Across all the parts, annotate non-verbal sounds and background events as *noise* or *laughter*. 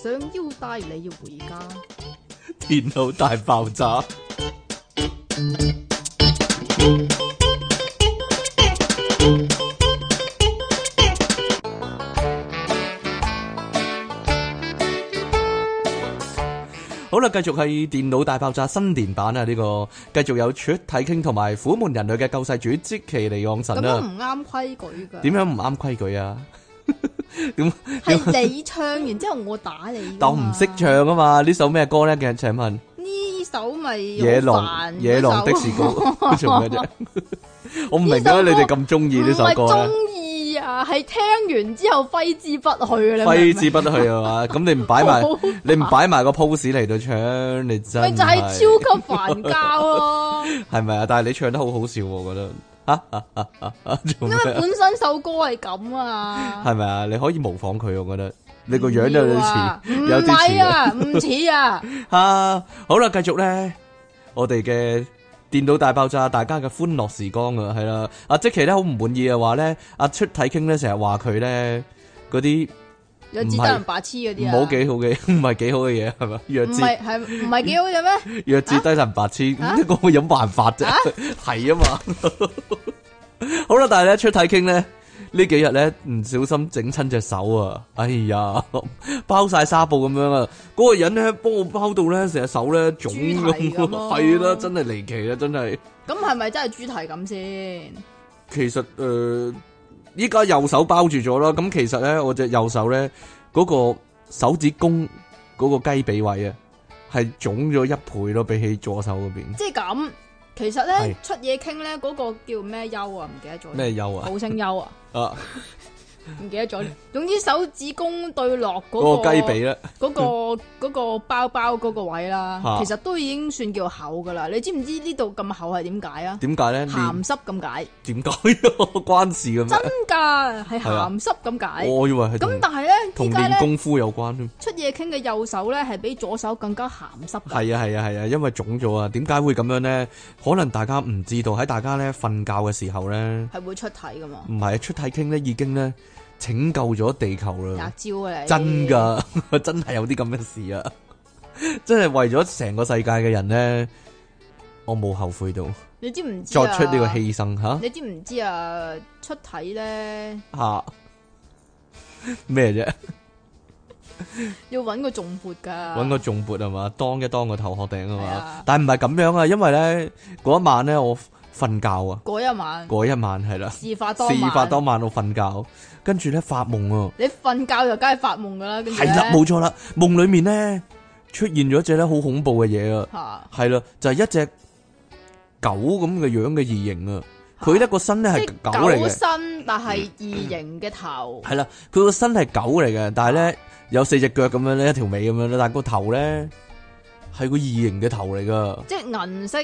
想要帶你要回家？ *laughs* 電腦大爆炸！ *laughs* *noise* 好啦，繼續係電腦大爆炸新電版啊！呢、這個繼續有出體 king 同埋虎門人類嘅救世主，積淇離岸神啦，啊！咁都唔啱規矩㗎？點樣唔啱規矩啊？點係你唱完之後我打你，但我唔識唱啊嘛？嘛首呢首咩歌咧？人請問呢首咪野狼首野狼的士歌，我唔明點解你哋咁中意呢首歌咧？中意啊，係、啊、聽完之後揮之不去啊，揮之不去啊嘛！咁你唔擺埋， *laughs* 你唔擺埋個 pose 嚟到唱，你就係超級煩膠咯，係咪啊？但係你唱得好好笑、啊，我覺得。 *laughs* 麼因為本身首歌係咁啊，係咪啊？你可以模仿佢，我覺得不要 你個樣、啊、 *laughs* 有啲似像，有啲似啊，唔似啊。吓、 *laughs* 啊，好啦，繼續咧，我哋嘅電腦大爆炸，大家嘅歡樂時光啊，係啦。阿積淇咧好唔滿意嘅話咧，阿出體傾咧成日話佢咧嗰啲。弱智低能白痴嗰啲啊，唔好幾好嘅，唔係幾好嘅嘢係嘛？弱智係唔係幾好嘅咩？ *laughs* 弱智低能白痴，啊、我有辦法啫，係啊 *laughs* 的嘛。 *laughs* 好啦，但係咧出體傾咧呢幾日咧唔小心整親隻手啊！哎呀，包晒紗布咁樣啊！嗰個人咧幫我包到咧成隻手咧腫咁，係啦、啊啊，真係離奇啦，真係。咁係咪真係豬蹄咁先？其實誒。呃依家右手包住咗咯，咁其實咧，我隻右手咧，嗰個手指公，嗰個雞髀位啊，係腫咗一倍咯，比起左手嗰邊。即係咁，其實咧是出嘢傾咧，嗰個叫咩優啊？唔記得咗咩優啊？好聲優啊！ *laughs* 啊！ *laughs* 唔記得咗，總之手指公對落嗰個雞髀啦，嗰個嗰個包包嗰個位啦，其實都已經算叫厚噶啦。你知唔知呢度咁厚係點解啊？點解咧？鹹濕咁解？點解關事噶？真噶係鹹濕咁解？我以為係。咁但係咧，同練功夫有關。出夜傾嘅右手咧，係比左手更加鹹濕。係啊，係啊，係啊，因為腫咗啊。點解會咁樣咧？可能大家唔知道喺大家咧瞓覺嘅時候咧，係會出體噶嘛？唔係出體傾咧，已經咧。拯救咗地球啦！真噶，真係有啲咁嘅事啊！ *laughs* 真係為咗成個世界嘅人咧，我冇後悔到。你知唔知、啊、作出呢個犧牲吓？啊、你知唔知啊？出體咧吓咩啫？要揾個重撥噶，揾個重撥係嘛？當一當個頭殼頂係嘛？啊、但係唔係咁樣啊，因為咧嗰晚咧我。瞓覺啊！嗰一晚，嗰一晚係啦。事發當晚，事發當晚我瞓覺，跟住咧發夢啊！你瞓覺就梗係發夢噶啦，係啦，冇錯啦。夢裏面咧出現咗一隻咧好恐怖嘅嘢啊！係啦，就係一隻狗咁嘅樣嘅異形啊！佢咧個身咧係狗嚟嘅，身但係異形嘅頭係啦。佢個身係狗嚟嘅，但係咧有四隻腳咁樣咧，一條尾咁樣啦，但係個頭咧係個異形嘅頭嚟噶，即係銀色。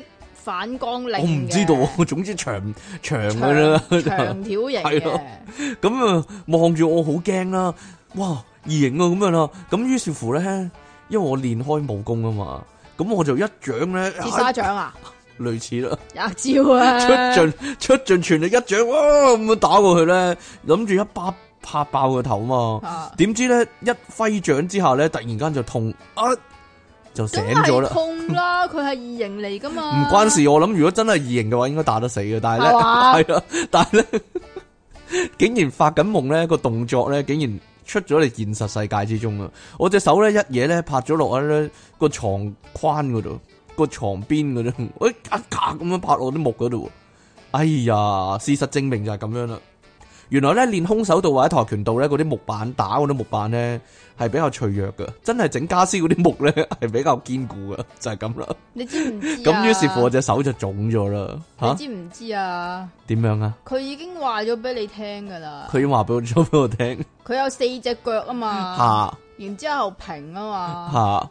反光靈，我唔知道，我總之長長嘅啦，長條形咁啊，望住長 *laughs* 我好驚啦，哇，異形啊咁樣啦。咁於是乎咧，因為我練開武功啊嘛，咁我就一掌咧，刺沙掌啊，哎、類似啦，一招啊， *laughs* 出盡出盡全力一掌，哇，咁樣打過去咧，諗住一巴拍爆個頭嘛。點、啊、知咧一揮掌之下咧，突然間就痛啊！就醒咗啦！痛啦，佢係異形嚟噶嘛？唔關事，我諗如果真係異形嘅話，應該打得死嘅。但係咧，係咯嗎， *laughs* 但係咧，竟然發緊夢咧，個動作咧，竟然出咗嚟現實世界之中啊！我隻手咧一嘢咧拍咗落喺咧個床框嗰度，個床邊嗰度，哎呀咁樣拍落啲木嗰度。哎呀，事實證明就係咁樣啦。原來咧，練空手道或者跆拳道咧，嗰啲木板打嗰啲木板咧。係比較脆弱嘅，真係整家私嗰啲木咧係比較堅固嘅，就係咁啦。你知唔知啊？咁於 *laughs* 是乎我隻手就腫咗啦，你知唔知啊？點樣啊？佢已經話咗俾你聽噶啦。佢已經話俾我，講俾我聽。佢 *laughs* 有四隻腳啊嘛。吓、啊。然之後平啊嘛。吓、啊。啊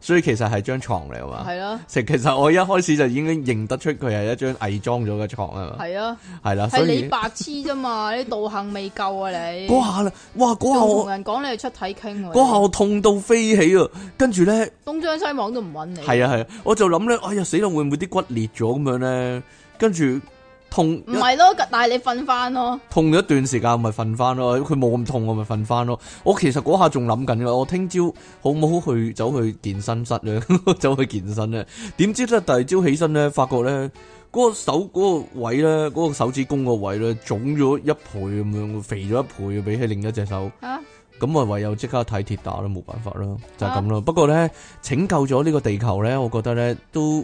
所以其實係張床嚟啊嘛，係咯，其實我一開始就已經認得出佢係一張偽裝咗嘅床啊嘛，係啊，係啦、啊，係以你白痴啫嘛， *laughs* 你道行未夠啊你，嗰下啦，哇，嗰下同人講你出體傾，嗰下我痛到飛起啊，跟住咧，東張西望都唔揾你，係啊係啊，啊，我就諗咧，哎呀死啦，會唔會啲骨裂咗咁樣咧？跟住。痛唔係咯，但係你瞓翻咯。痛咗一段時間，咪瞓翻咯。佢冇咁痛，我咪瞓翻咯。我其實嗰下仲諗緊嘅，我聽朝好唔好去走去健身室咧？ *laughs* 走去健身咧。點知咧，第二朝起身咧，發覺咧嗰個手嗰個位咧，嗰個手指公個位咧腫咗一倍咁樣，肥咗一倍，比起另一隻手。啊！咁啊，唯有即刻睇鐵打啦，冇辦法啦，就係咁啦。不過咧，拯救咗呢個地球咧，我覺得咧都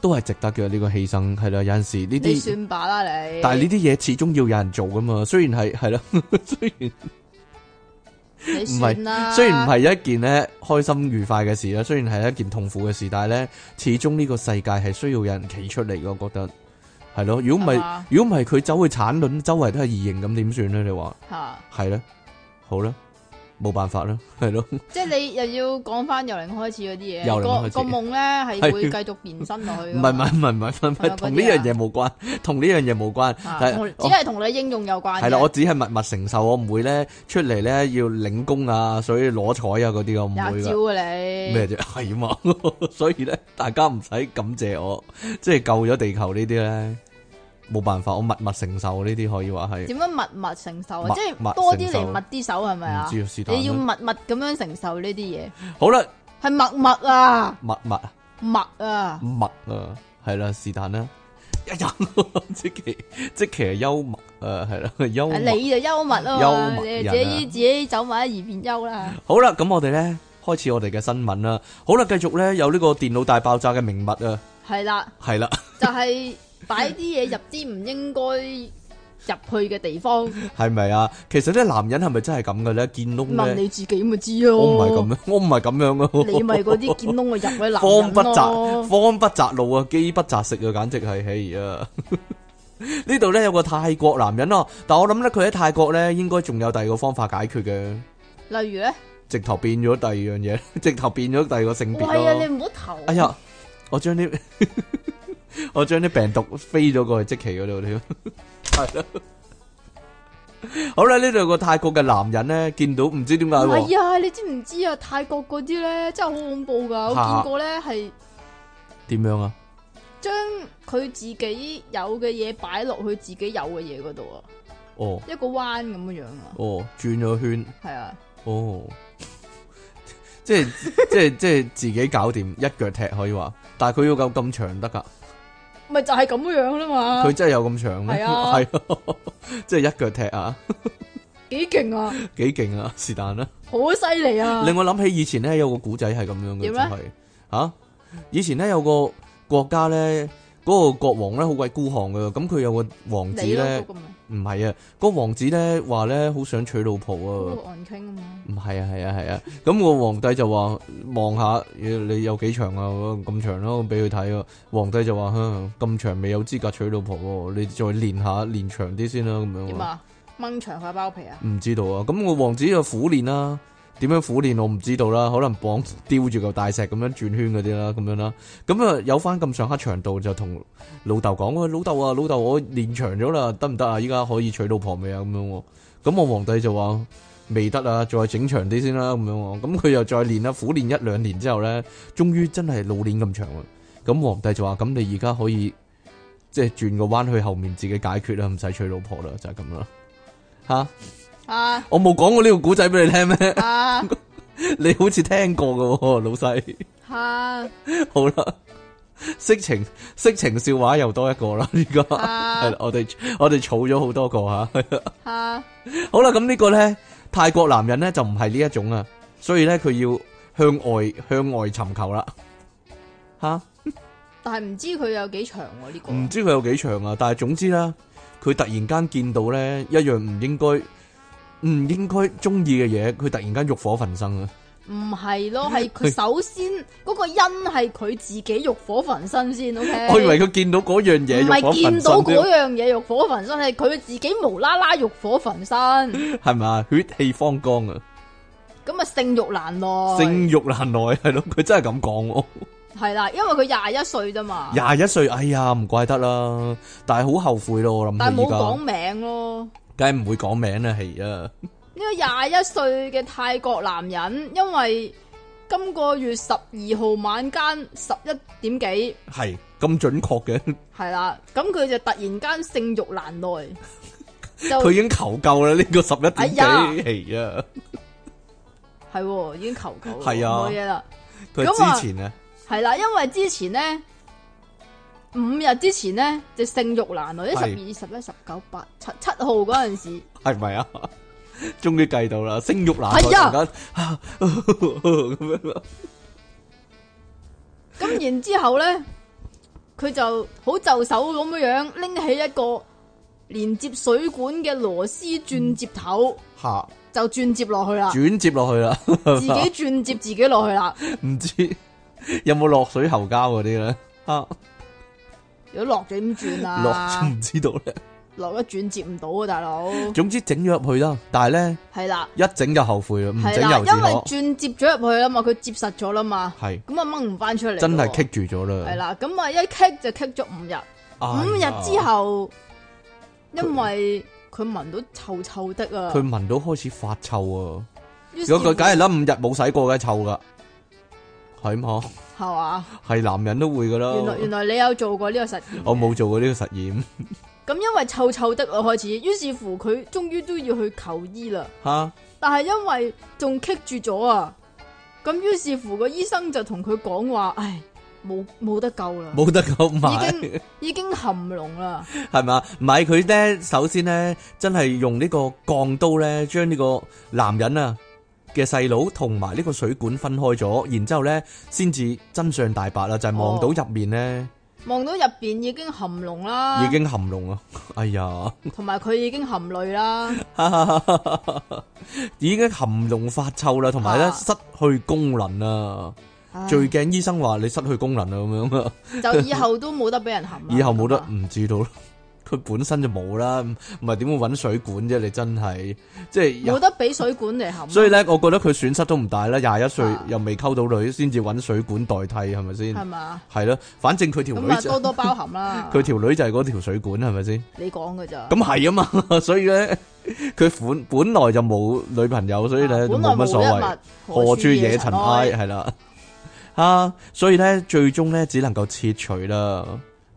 都係值得嘅呢個犧牲，係啦。有陣時呢啲算罷啦。你。但係呢啲嘢始終要有人做噶嘛，雖然係係啦，雖然唔係，雖然唔係一件咧開心愉快嘅事啦，雖然係一件痛苦嘅事，但係咧，始終呢個世界係需要有人企出嚟。我覺得係咯，如果唔係，如果唔係佢走去產卵，周圍都係異形，咁點算咧？你話係啦，好啦。冇辦法囉，係咯，即係你又要講翻由零開始嗰啲嘢，個個夢咧係會繼續延伸落去。唔係唔係唔係唔係，同呢樣嘢冇關，同呢樣嘢冇關，只係同你應用有關。係啦，我只係默默承受，我唔會咧出嚟咧要領功啊，所以攞彩啊嗰啲我唔會嘅。廿招啊你咩啫係嘛，所以咧大家唔使感謝我，即係救咗地球呢啲咧。冇辦法，我默默承受呢啲可以話係。點樣默默承受啊？即係多啲嚟，抹啲手係咪啊？你要默默咁樣承受呢啲嘢。好啦，係默默啊。默默。默啊。默啊，係啦，是但啦。一飲即其即其實幽默，誒，係啦，幽默。你就幽默咯，幽默。自己自己走墨而變幽默啦。好啦，咁我哋咧開始我哋嘅新聞啦。好啦，繼續咧有呢個電腦大爆炸嘅名物啊。係啦，係啦，就係。擺啲嘢，入啲唔應該入去嘅地方，係咪啊？其實咧，男人係咪真係咁嘅咧？見窿問你自己咪知咯。我唔係咁樣，我唔係咁樣咯。你咪嗰啲見窿嘅入嗰啲男人咯。方不擇方不擇路啊，飢不擇食啊，簡直係嘿啊！呢度咧有個泰國男人咯，但我諗咧佢喺泰國咧應該仲有第二個方法解決嘅，例如咧，直頭變咗第二樣嘢，直頭變咗第二個性別咯。你唔好投。哎呀，我將啲。我將啲病毒飛咗過去，積淇嗰度添，係 *laughs* 咯。好啦，呢兩個泰國嘅男人咧，見到唔知點解喎。係啊、哎，你知唔知啊？泰國嗰啲咧真係好恐怖噶，啊、我見過咧係點樣啊？將佢自己有嘅嘢擺落去自己有嘅嘢嗰度啊。哦。一個彎咁樣樣啊。哦，轉咗圈。係啊。哦。即係即係即係自己搞掂，一腳踢可以話，但係佢要夠咁長得噶。咪就係咁樣啦嘛，佢真係有咁長咩？係啊，係，即係一腳踢啊，幾 *laughs* 勁啊，幾勁 *laughs* 啊，是但啦，好犀利啊！ *laughs* 令我諗起以前咧有個古仔係咁樣嘅，就係、是、吓、啊，以前咧有個國家咧，嗰、那個國王咧好鬼孤寒㗎，咁佢有個王子咧。唔係啊，嗰個王子咧話咧好想娶老婆啊，好難傾啊嘛。唔係啊，係啊，係啊。咁、啊、 *laughs* 個皇帝就話望下，你有幾長啊？咁長咯、啊，俾佢睇啊。皇帝就話，哼，咁長未有資格娶老婆、啊，你再練下，練長啲先啦。咁樣點啊？掹長下包皮啊？唔知道啊。咁、嗰個王子就苦練啦、啊。點樣苦練我唔知道啦，可能綁吊住嚿大石咁樣轉圈嗰啲啦，咁樣啦，咁啊有翻咁上下長度就同老豆講，老豆啊，老豆我練長咗啦，得唔得啊？依家可以娶老婆未啊？咁樣，咁我皇帝就話未得啊，再整長啲先啦，咁樣，咁佢又再練啦，苦練一兩年之後咧，終於真係老練咁長啦，咁皇帝就話，咁你而家可以即係轉個彎去後面自己解決啦，唔使娶老婆啦，就係咁啦，吓。啊！我冇講過呢個古仔俾你聽咩？啊！ *laughs* 你好似聽過噶喎，老細。啊！ *laughs* 好啦，色情色情笑話又多一個啦。呢、這個係啦、啊， *laughs* 我哋我哋儲咗好多個吓。啊！啊 *laughs* 好啦，咁呢個咧，泰國男人咧就唔係呢一種啊，所以咧佢要向外向外尋求啦。吓 *laughs* 、啊！但係唔知佢有幾長喎？呢個唔知佢有幾長啊！但係總之啦，佢突然間見到咧一樣唔應該唔應該中意嘅嘢，佢突然間欲火焚身啊！唔係咯，係佢首先嗰個因係佢自己欲火焚身先。OK，我以為佢見到嗰樣嘢，唔係見到嗰樣嘢欲火焚身，係佢自己無啦啦欲火焚身，係咪啊？血氣方剛啊！咁啊，性欲難耐，性欲難耐係咯，佢真係咁講。係啦，因為佢廿一歲啫嘛，廿一歲，哎呀，唔怪得啦，但係好後悔咯，我諗，但係冇講名咯。梗係唔會講名啦，係啊！呢個廿一歲嘅泰國男人，因為今個月十二號晚間十一點幾，係咁準確嘅，係啦。咁佢就突然間性慾難耐，佢 *laughs* 已經求救啦！呢、這個十一點幾，係啊、哎呀，係已經求救，係啊的，冇嘢啦佢之前啊，係啦，因為之前咧。五日之前呢，就性慾難耐，啲十二、十一、十九、八七七號嗰陣時，係咪啊？終於計到啦，性慾難耐，突咁、啊哦哦哦、樣 *laughs* 然後然後。咁然之後咧，佢就好就手咁樣樣，拎起一個連接水管嘅螺絲轉接頭，吓、嗯、就轉接落去啦，轉接落去啦，自己轉接自己落去啦。唔 *laughs* 知有冇落水喉膠嗰啲咧？啊！如果落咗點轉啊？轉 *laughs* 落就唔知道咧。落咗轉接唔到啊，大佬。總之整咗入去啦，但係咧係啦，了一整就後悔啦，唔整又唔得。因為轉接咗入去啦嘛，佢接實咗啦嘛。係是。咁啊掹唔翻出嚟，真係棘住咗啦。係啦，咁啊一棘就棘咗五日，五日、哎、呀之後，因為佢聞到臭臭的啊。佢聞到開始發臭啊！如果佢梗係諗五日冇洗過嘅臭噶。係麼係嘛，係吧男人都會噶啦。 *laughs* 原來原來你有做過呢個實驗？我冇做過呢個實驗。咁因為臭臭的我開始，於是乎佢終於都要去求醫啦。吓哈！但係因為仲棘住咗啊，咁於是乎個醫生就同佢講話：，唉，冇冇得救啦，冇得救，已經 *laughs* 已經含籠啦。係嘛？唔係佢咧，首先咧，真係用呢個鋼刀咧，將呢個男人啊。嘅細佬同埋呢個水管分開咗，然之後咧先至真相大白啦，就係、是、望到入面咧，望、哦、到入邊已經含龍啦，已經含膿啊！哎呀，同埋佢已經含淚啦， *laughs* 已經含膿發臭啦，同埋咧失去功能啊，最驚醫生話你失去功能啊，咁樣就以後都冇得俾人含， *laughs* 以後冇得唔嗎知道佢本身就冇啦，唔係點會揾水管啫？你真係即係有得俾水管嚟含、啊。所以咧，我覺得佢損失都唔大啦。廿一歲又未溝到女，先至揾水管代替，係咪先？係嘛吧？係咯，反正佢條女多多包含啦。佢條女就係嗰條水管，係咪先？你講嘅咋？咁係啊嘛，所以咧，佢本本來就冇女朋友，所以咧冇乜所謂。破處惹塵埃？係啦，是的 *laughs* 啊，所以咧，最終咧，只能夠切除啦。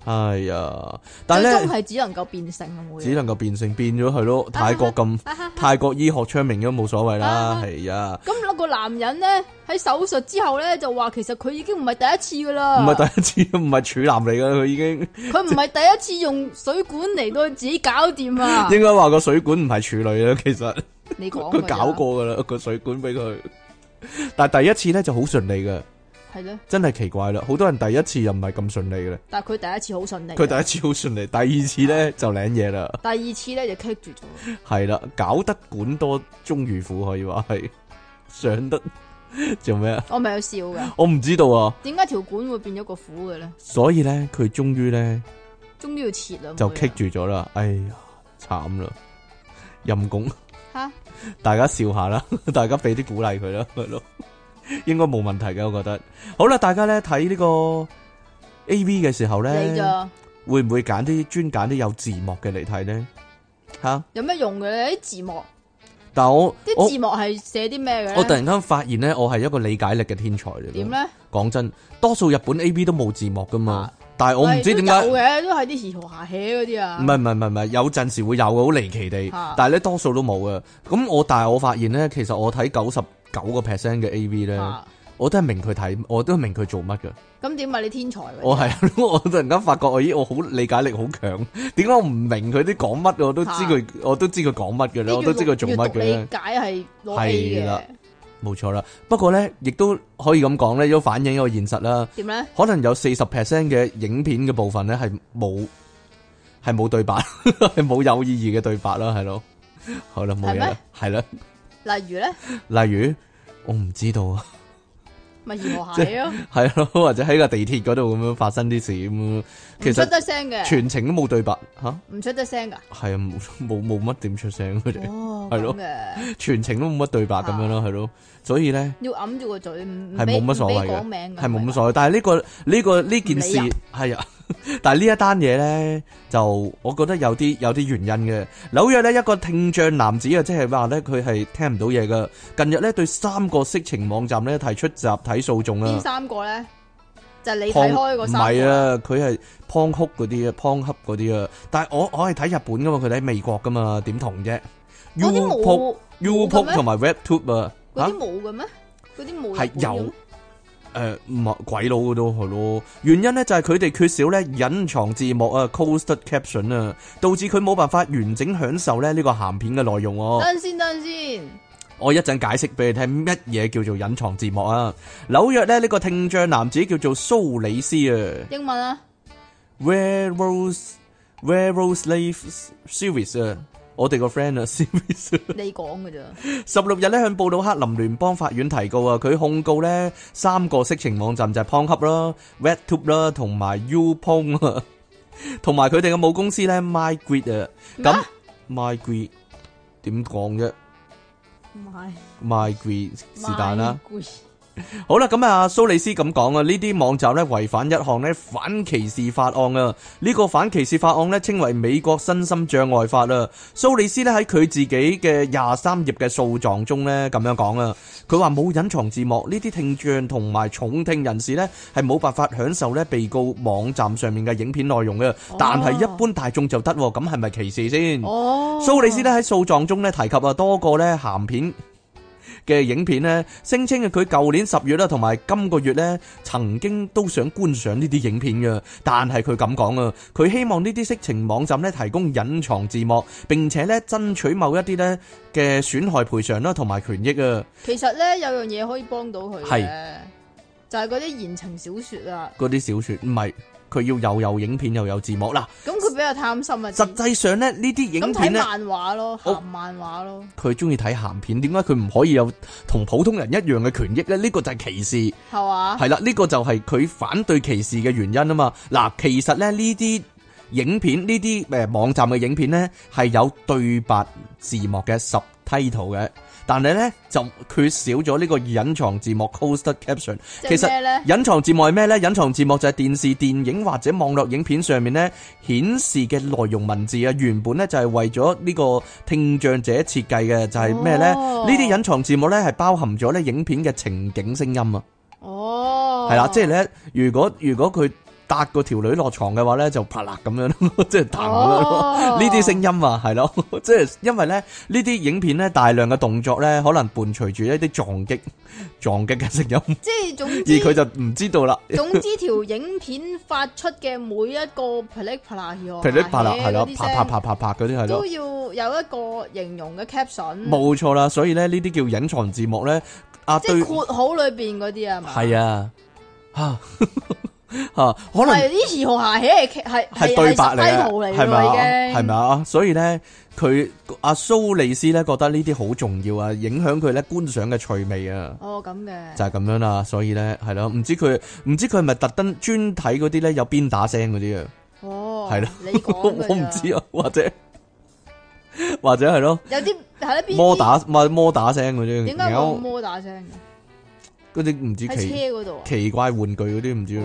係啊、哎，但係咧，係只能夠變性，只能夠變性變咗佢咯。泰國咁，啊啊啊啊、泰國醫學昌明都冇所謂啦。係啊，咁、啊、嗰的個男人咧喺手術之後咧就話，其實佢已經唔係第一次噶啦，唔係第一次，唔係處男嚟噶，佢已經，佢唔係第一次用水管嚟到自己搞掂啊。 *laughs* 應該話個水管唔係處女啊。其實你講佢 *laughs* 搞過噶啦個水管俾佢， *laughs* 但係第一次咧就好順利噶。係咧，真係奇怪啦！好多人第一次又唔係咁順利嘅咧，但係佢第一次好順利，佢第一次好順利，第二次咧就領嘢啦，第二次咧就棘住咗，係啦，搞得管多終如苦，可以話係上得做咩啊？我咪有笑㗎，我唔知道啊，點解條管會變咗個苦嘅咧？所以咧，佢終於咧，終於要切啦，就棘住咗啦，哎呀，慘啦，陰功吓，大家笑下啦，大家俾啲鼓勵佢啦，係咯。應該冇問題嘅，我覺得。好啦，大家咧睇呢個 A V 嘅時候咧，了會唔會揀啲專揀啲有字幕嘅嚟睇呢？吓，有咩用嘅咧？啲字幕，但係我啲字幕係寫啲咩嘅？我突然間發現咧，我係一個理解力嘅天才嚟。點咧？講真，多數日本 A V 都冇字幕噶嘛，但係我唔知點解有嘅，都係啲時下起嗰啲啊。唔係唔係唔係，有陣時會有嘅，好離奇地。啊、但係咧，多數都冇嘅。咁我，但係我發現咧，其實我睇九十。九個 percent 嘅 AV 咧，我都係明佢睇，我都係明佢做乜嘅。咁點啊？你天才嘅。我係我突然間發覺，我咦，我好理解力好強，點解我唔明佢啲講乜？我都知佢，我都知佢講乜嘅咧，我都知佢做乜嘅理解係攞 A 嘅，冇錯啦。不過咧，亦都可以咁講咧，都反映一個現實啦。點咧？可能有四十 percent 嘅影片嘅部分咧，係冇係冇對白，係冇有意義嘅對白咯，係咯。好啦，冇嘢啦，係啦。例如咧？例如，我唔知道啊。咪鹽和蟹咯，係咯，或者喺個地鐵嗰度咁樣發生啲事咁。其實出得聲嘅，全程都冇對白吓，唔出得聲噶。係啊，冇冇冇乜點出聲佢哋，係咯、啊，哦、 *laughs* *laughs* 全程都冇乜對白咁樣咯，係咯、哦。所以咧，要揞住個嘴，係冇乜所謂嘅，係冇乜所謂。但係呢、這個呢、這個呢、這個是啊、 *laughs* 件事係啊，但係呢一單嘢咧，就我覺得有啲有啲原因嘅。紐約咧一個聽障男子啊，即係話咧佢係聽唔到嘢噶。近日咧對三個色情網站咧提出集體訴訟啦。邊三個咧？就是、你睇開個唔係啊？佢係 Pornhub 嗰啲啊，Pornhub 嗰啲啊。但係我我係睇日本噶嘛，佢睇美國噶嘛，點同啫 y o U Pop 同埋 Web Tube 啊。嗰啲冇嘅咩？嗰啲冇係有，誒、呃，唔係鬼佬都係咯。原因咧就係佢哋缺少咧隱藏字幕啊，closed caption 啊，導致佢冇辦法完整享受咧呢個咸片嘅內容哦。等先，等先，我一陣解釋俾你聽乜嘢叫做隱藏字幕啊。紐約咧呢個聽障男子叫做蘇里斯啊，英文啊 w e a r Rose w e a r Rose Leaves s e r v i c e 啊。我哋個 friend 啊，你講㗎咋。十六日咧向布魯克林聯邦法院提告啊，佢控告咧三個色情網站就係 Pornhub 啦、RedTube 啦，同埋 YouPorn 啊，同埋佢哋嘅母公司咧 MindGeek 啊，咁 MindGeek 點講啫？唔係 MindGeek 是但啦。好啦，咁、嗯、啊，蘇里斯咁講啊，呢啲網站呢違反一項呢反歧視法案啊，呢、這個反歧視法案呢稱為美國身心障礙法啊。蘇里斯呢喺佢自己嘅廿三頁嘅訴狀中呢咁樣講啊，佢話冇隱藏字幕呢啲聽障同埋重聽人士呢係冇辦法享受呢被告網站上面嘅影片內容嘅，哦、但係一般大眾就得，咁係咪歧視先？哦。蘇里斯呢喺訴狀中呢提及啊多個呢鹹片。嘅影片呢，聲稱佢舊年十月啦，同埋今個月呢，曾經都想觀賞呢啲影片嘅，但係佢咁講啊，佢希望呢啲色情網站呢提供隱藏字幕，並且呢爭取某一啲呢嘅損害賠償啦，同埋權益啊。其實呢，有樣嘢可以幫到佢嘅，是就係嗰啲言情小説啊。嗰啲小説唔係。佢要又有影片又有字幕啦，咁佢比較貪心啊！實際上咧，呢啲影片咧，咁睇漫畫咯，鹹、哦、漫畫咯。佢中意睇鹹片，點解佢唔可以有同普通人一樣嘅權益咧？呢、呢個就係歧視，係嘛吧？係啦，呢、呢個就係佢反對歧視嘅原因啊嘛！嗱，其實咧，呢啲影，影片呢啲誒網站嘅影片咧係有對白字幕嘅 subtitle 嘅。但係咧就缺少咗呢個隱藏字幕 （closed caption）。其實隱藏字幕係咩呢？隱藏字幕就係電視、電影或者網絡影片上面呢顯示嘅內容文字啊。原本呢，就係為咗呢個聽障者設計嘅，就係咩呢？呢啲隱藏字幕呢，係包含咗呢影片嘅情景聲音啊。哦，係啦，即係呢，如果如果佢。搭個條女落床嘅話咧，就啪啦咁樣咯，即係彈咁樣咯。呢啲聲音啊，係咯，即係因為咧呢啲影片咧大量嘅動作咧，可能伴隨住一啲撞擊、撞擊嘅聲音。即係總之，而佢就唔知道啦。總之條影片發出嘅每一個噼里啪啦，噼里啪啦係咯，啪啪啪啪啪嗰啲係咯，都要有一個形容嘅 caption。冇錯啦，所以咧呢啲叫隱藏字幕咧。啊，對，括號裏邊嗰啲啊嘛。係啊，吓。吓，可能呢兒童鞋係係係對白嚟嘅，係咪啊？係咪啊？所以咧，佢阿蘇里斯咧覺得呢啲好重要啊，影響佢咧觀賞嘅趣味啊。哦，咁嘅就係咁樣啦。所以咧，係咯，唔知佢唔知佢係咪特登專睇嗰啲咧有鞭打聲嗰啲啊？哦，係咯吧，你 *laughs* 我唔知啊，或者或者係咯，有啲係咯，摩打咪摩打聲嗰啲，點解講摩打聲.嗰啲唔知奇、啊、奇怪玩具嗰啲唔知你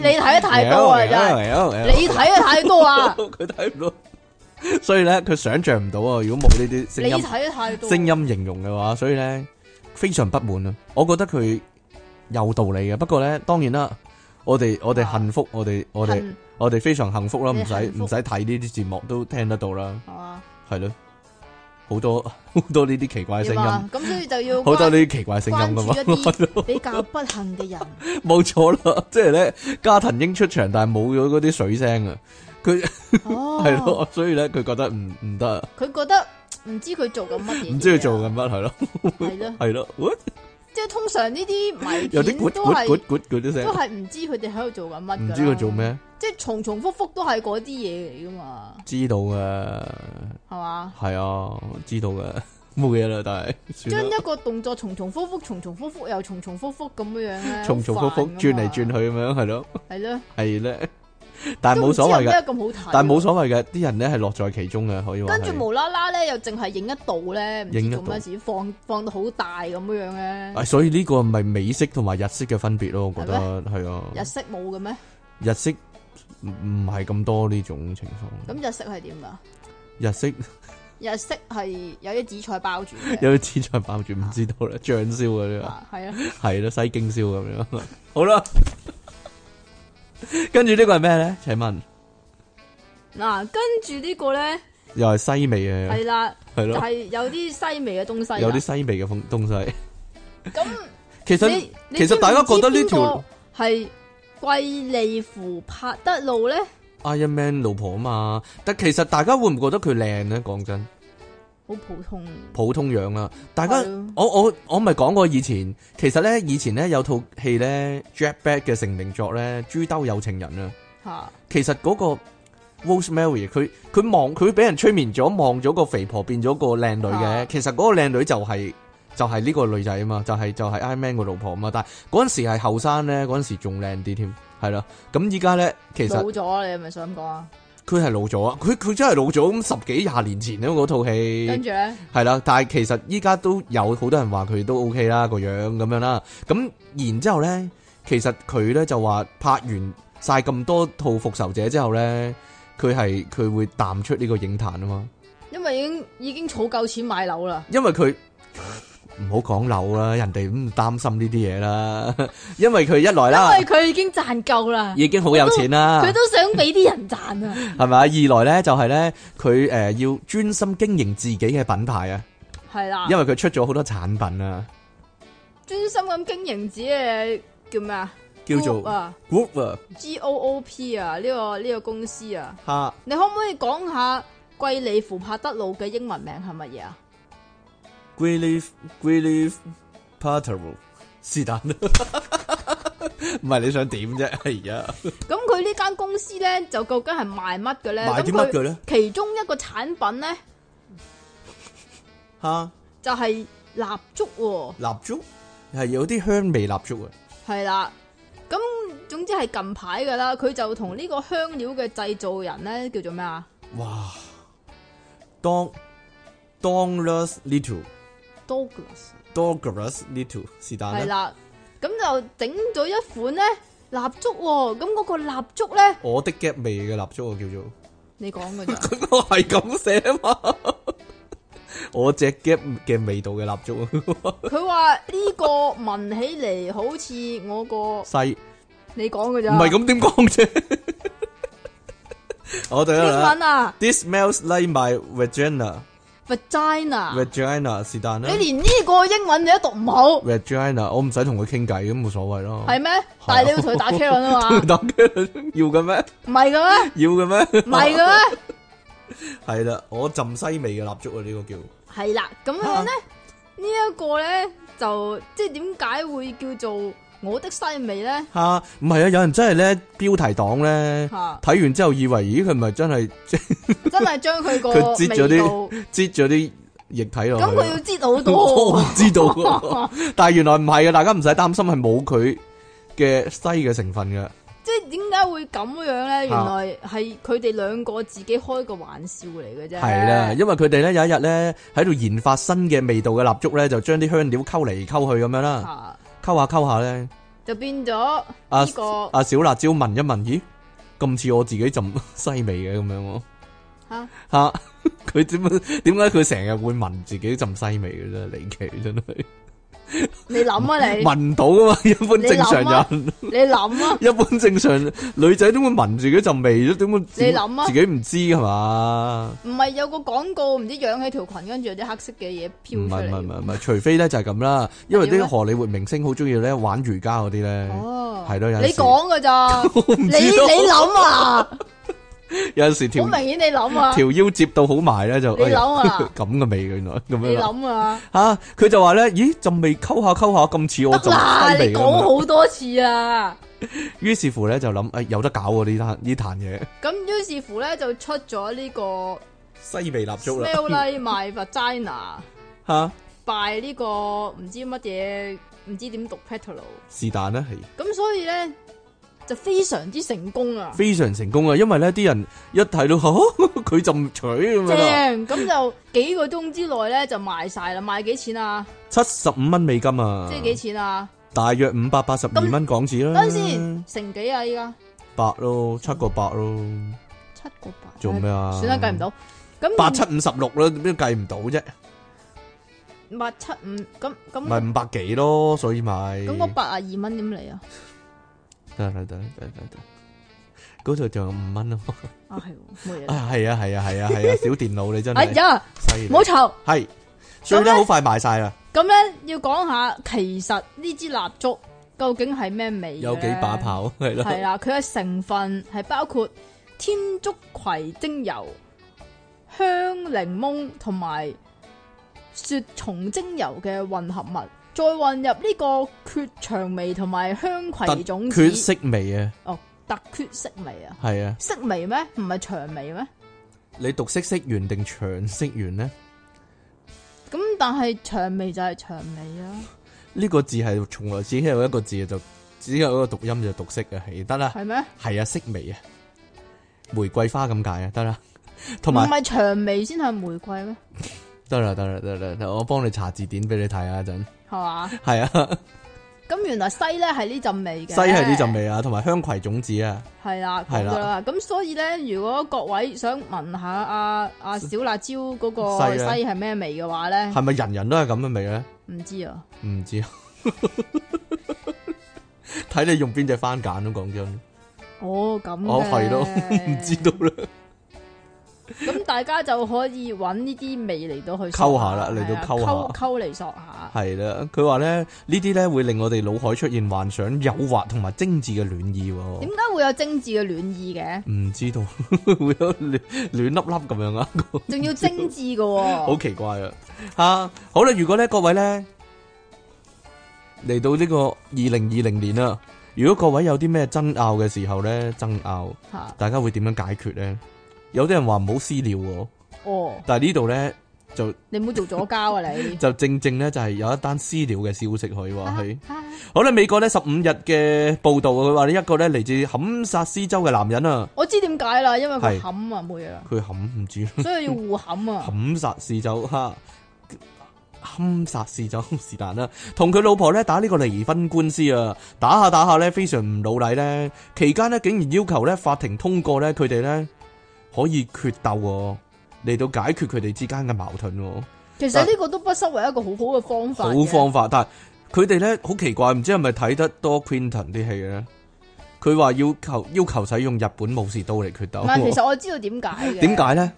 你睇得太多啊，真係、呃！呃呃、你睇得太多啊，佢睇唔到。 *laughs* 所以咧，佢想象唔到啊！如果冇呢啲聲音，睇得太多聲音形容嘅話，所以咧，非常不滿啊！我覺得佢有道理嘅，不過咧，當然啦，我哋我哋幸福，我哋行我哋我哋非常幸福啦，唔使唔使睇呢啲節目都聽得到啦，係咯、啊。好多好多呢啲奇怪聲音，咁所以就要好多呢啲奇怪聲音噶嘛，一啲比較不幸嘅人，冇錯啦，即係咧，加藤英出場，但係冇咗嗰啲水聲啊，佢係咯，所以咧佢覺得唔唔得，佢覺得唔知佢做緊乜嘢，唔 *laughs* 知佢做緊乜係咯，係咯，即係通常呢啲有啲咕咕咕咕啲聲， *laughs* 都係是唔知佢哋喺度做緊乜，唔知佢做咩。重重複複都係嗰啲嘢嚟噶嘛？知道嘅，係嘛？係啊，知道嘅冇嘢啦，但係將一個動作重重複複、重重複複又重重複複咁樣樣咧，重重複複轉嚟轉去咁樣係咯，係咯，係咧。但係冇所謂嘅，咁好睇，但係冇所謂嘅，啲人咧係樂在其中嘅，可以話。跟住無啦啦咧，又淨係影一度咧，唔知做乜事放放到好大咁樣樣嘅。啊，所以呢個咪美式同埋日式嘅分別咯，我覺得係啊。日式冇嘅咩？日式。唔唔係咁多呢種情況。咁日式係點啊？日式，日式係有啲紫菜包住，有啲紫菜包住，唔知道啦，醬燒嗰啲啊，係啊，係咯，西京燒咁樣。好啦，跟住呢個係咩咧？請問嗱，跟住呢個咧，又係西味嘅，係啦，係咯，係有啲西味嘅東西，有啲西味嘅風東西。咁其實其實大家覺得呢條係？貴利芙柏德路咧，Iron Man 老婆啊嘛，但其實大家會唔覺得佢靚咧？講真，好普通，普通樣啊。大家，的我我我咪講過以前，其實咧以前咧有套戲咧，Jack Black 嘅成名作咧，《豬兜有情人》啊。吓的，其實嗰個 Rosemary，佢佢望佢俾人催眠咗，望咗個肥婆變咗個靚女嘅。的其實嗰個靚女就係、是。就係呢個女仔啊嘛，就係就係 Iron Man 個老婆啊嘛，但係嗰陣時係後生咧，嗰陣時仲靚啲添，係啦。咁依家咧，其實老咗你係咪想講啊？佢係老咗啊，佢佢真係老咗，咁十幾廿年前咧嗰套戲。跟住咧，係啦，但係其實依家都有好多人話佢都 OK 啦，個樣咁樣啦。咁然之後咧，其實佢咧就話拍完晒咁多套復仇者之後咧，佢係佢會淡出呢個影壇啊嘛，因為已經已經儲夠錢買樓啦，因為佢。 *laughs* 唔好講漏啦，人哋唔擔心呢啲嘢啦， *laughs* 因為佢一來啦，因為佢已經賺夠啦，已經好有錢啦，佢都,都想俾啲人賺啊，係咪啊？二來咧就係、是、咧，佢誒、呃、要專心經營自己嘅品牌啊，係啦，因為佢出咗好多產品專、group、啊，專心咁經營自己嘅叫咩啊？叫做啊 group 啊，G O O P 啊，呢、這個呢、這個公司啊，吓哈，你可唔可以講下貴利芙柏德路嘅英文名係乜嘢啊？Greenleaf, Greenleaf, Partable 是但，唔係你想點啫？係、哎、啊，咁佢呢間公司咧就究竟係賣乜嘅咧？賣啲乜嘅咧？其中一個產品咧，吓哈就係蠟燭，蠟燭係有啲香味蠟燭啊，係啦。咁總之係近排噶啦，佢就同呢個香料嘅製造人咧叫做咩啊？哇，Don Don Ross Little。Douglas Douglas Little 是但啦。係啦，咁就整咗一款咧蠟燭喎，咁嗰個蠟燭咧，我的 gap 味嘅蠟燭啊，叫做你講噶咋，佢係咁寫啊嘛，我只 gap 嘅味道嘅蠟燭，佢話呢個聞起嚟好似我個細，你講噶咋，唔係咁點講啫，我等下啦，This smells like my vagina。Vagina, Vagina 是但啦。你連呢個英文你都讀唔好。Vagina 我唔使同佢傾偈咁，冇所謂咯。係咩嗎？哦、但係你要同佢打車輪啊嘛？打要嘅咩？唔係嘅咩？要嘅咩？唔係嘅咩？係啦，我浸西味嘅蠟燭啊，呢個叫。係啦，咁樣咧，啊、呢一個咧就即係點解會叫做？我的西味咧吓？唔係啊，啊！有人真係咧標題黨咧，睇、啊、完之後以為咦佢唔係真係即真係將佢個佢截咗啲截咗啲液體落去。咁佢要截到到，知道噶。 *laughs* 但係原來唔係噶，大家唔使擔心，係冇佢嘅西嘅成分噶。即係點解會咁樣咧？啊、原來係佢哋兩個自己開個玩笑嚟嘅啫。係啦，因為佢哋咧有一日咧喺度研發新嘅味道嘅蠟燭咧，就將啲香料溝嚟溝去咁樣啦。啊溝下溝下咧，就變咗阿阿小辣椒聞一聞，咦，咁似我自己浸西味嘅咁樣喎。吓吓哈，佢點點解佢成日會聞自己浸西味嘅啫？離奇真係。你諗啊，你聞到啊嘛，一般正常人。你諗啊，啊 *laughs* 一般正常女仔都會聞住嗰陣味，點會你諗啊？自己唔知係嘛？唔係、嗯、有個廣告唔知養起條裙，跟住有啲黑色嘅嘢飄出嚟，唔係唔係唔係唔係，除非咧就係咁啦，因為啲荷里活明星好中意咧玩瑜伽嗰啲咧，係咯、啊、有。你講噶咋？你你諗啊？ *laughs* 有陣時條好明顯，你諗啊，條腰接到好埋咧就。你諗啊，咁嘅味原來咁樣。你諗啊，吓佢就話咧，咦，仲未溝下溝下咁似我。得啦，你講好多次啊。於是乎咧就諗，誒，有得搞喎呢攤呢攤嘢。咁於是乎咧就出咗呢個西味蠟燭啦。Molly my vagina 吓拜呢個唔知乜嘢，唔知點讀 Paltrow 是但啦，係。咁所以咧。就非常之成功啊！非常成功啊！因為咧，啲人一睇到，佢就取咁正樣。咁就幾個鐘之內咧就賣晒啦，賣幾錢啊？七十五蚊美金啊！即係幾錢啊？大約五百八十二蚊港紙啦。等陣先，成幾啊？依家八咯，七個八咯。七個八。做咩啊？算啦，計唔到。咁八七五十六啦，點解計唔到啫？八七五咁咁。咪五百幾咯，所以咪。咁個八啊二蚊點嚟啊？得得得得得，嗰度仲有五蚊咯。啊係，係啊係啊係啊係啊，小電腦你真係，哎呀，冇錯，係，所以咧好快賣晒啦。咁咧要講下，其實呢支蠟燭究竟係咩味？有幾把炮係咯，係 *laughs* 啊，佢嘅成分係包括天竺葵精油、香檸檬同埋雪松精油嘅混合物。再混入呢個缺薔薇同埋香葵種子，缺色味啊！哦，特缺色味啊！係啊，色味咩？唔係薔薇咩？你讀色色完定長色完呢？咁但係薔薇就係薔薇啊。呢個字係從來只係一個字就只有一個讀音就讀色啊，得啦。係咩？係啊，色味啊，玫瑰花咁解啊，得啦。同埋唔係薔薇先係玫瑰咩？得啦，得啦，得啦，我幫你查字典俾你睇啊，一陣。係嘛？係啊！咁 *laughs* 原來西咧係呢陣味嘅，西係呢陣味啊，同埋香葵種子啊，係、那、啦、個，係啦、啊。咁所以咧，如果各位想聞下阿、啊、阿、啊、小辣椒嗰個西係咩味嘅話咧，係咪呢人人都係咁嘅味咧？唔知啊，唔知，啊，睇你用邊隻番梘都講真。哦，咁，哦係咯，唔知道啦。咁 *laughs* 大家就可以揾呢啲味嚟到去溝下啦，嚟到溝下溝嚟索下。係啦，佢話咧呢啲咧會令我哋腦海出現幻想、誘惑同埋精緻嘅暖意。點解會有精緻嘅暖意嘅？唔知道， *laughs* 會有暖粒粒咁樣 *laughs* 啊！仲要精緻嘅，好奇怪啊！吓， *laughs* 好啦，啊，如果咧各位咧嚟到呢個二零二零年啦，如果各位有啲咩爭拗嘅時候咧，爭拗， *laughs* 大家會點樣解決咧？有啲人話唔好私了喎，哦，但係呢度咧就你唔好做咗交啊！你 *laughs* 就正正咧就係有一單私了嘅消息可以話係，好啦，美國呢十五日嘅報道，佢話呢一個咧嚟自堪薩斯州嘅男人啊，我知點解啦，因為佢冚啊冇嘢啦，佢冚唔住，所以要互冚啊！堪薩斯州吓，堪薩斯州是但啦，同 *laughs* 佢老婆咧打呢個離婚官司啊，打下打下咧非常唔努力咧，期間呢，竟然要求咧法庭通過咧佢哋咧。可以決鬥嚟、哦、到解決佢哋之間嘅矛盾咯、哦。其實呢個都不失為一個好好嘅方法。好方法，但係佢哋咧好奇怪，唔知係咪睇得多 Quentin 啲戲咧？佢話要求要求使用日本武士刀嚟決鬥、哦。唔係，其實我知道點解嘅。點解咧？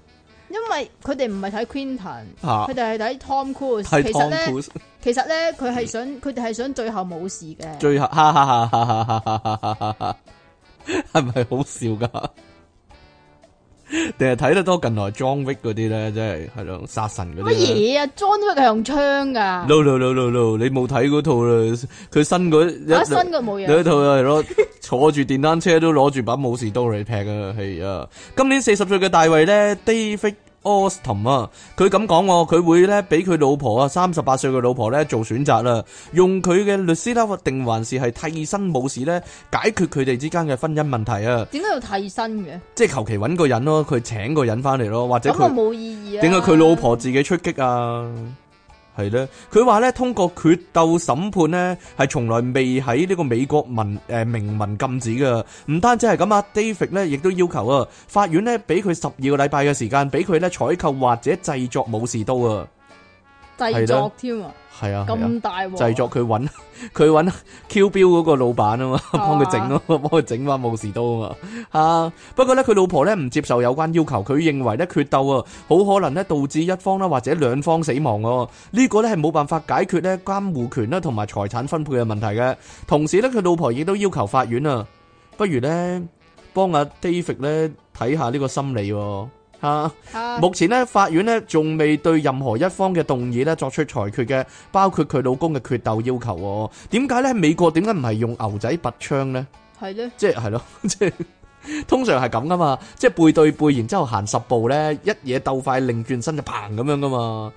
因為佢哋唔係睇 Quentin，佢哋係睇 Tom Cruise。睇 Tom 其實咧，嗯、其實咧，佢係想，佢哋係想最後武士嘅。最後，哈哈哈哈哈哈哈哈哈哈，係咪好笑噶？定係睇得多近來 John Wick 嗰啲咧，真係係咯殺神嗰啲。乜嘢啊？John Wick 用槍噶？no no no no no，你冇睇嗰套啦，佢新嗰吓、啊、新嘅冇嘢。嗰套係攞坐住電單車都攞住把武士刀嚟劈啊！係啊，今年四十歲嘅大衛咧，低奧斯頓啊，佢咁講，佢會咧俾佢老婆啊，三十八歲嘅老婆咧做選擇啦，用佢嘅律師啦，定還是係替身武士咧解決佢哋之間嘅婚姻問題啊？點解要替身嘅？即係求其搵個人咯，佢請個人翻嚟咯，或者佢冇意義啊？點解佢老婆自己出擊啊？係咧，佢話咧通過決鬥審判呢，係從來未喺呢個美國民誒、呃、明文禁止噶。唔單止係咁啊，David 咧亦都要求啊，法院呢俾佢十二個禮拜嘅時間，俾佢咧採購或者製作武士刀啊，製製作添啊的。係啊，咁大哦、製作佢揾佢揾 Q 標嗰個老闆啊嘛，幫佢整咯，幫佢整翻武士刀啊嘛，啊，啊，啊！不過咧，佢老婆咧唔接受有關要求，佢認為咧決鬥啊，好可能咧導致一方啦或者兩方死亡哦。呢個咧係冇辦法解決咧監護權啦同埋財產分配嘅問題嘅。同時咧，佢老婆亦都要求法院啊，不如咧幫阿 David 咧睇下呢個心理咯、啊。啊！啊目前咧，法院咧仲未對任何一方嘅動議咧作出裁決嘅，包括佢老公嘅決鬥要求、哦。點解呢？美國點解唔係用牛仔拔槍呢？係呢？即係係咯，即係通常係咁噶嘛，即係背對背，然之後行十步呢，一嘢鬥快，擰轉身就砰咁樣噶嘛。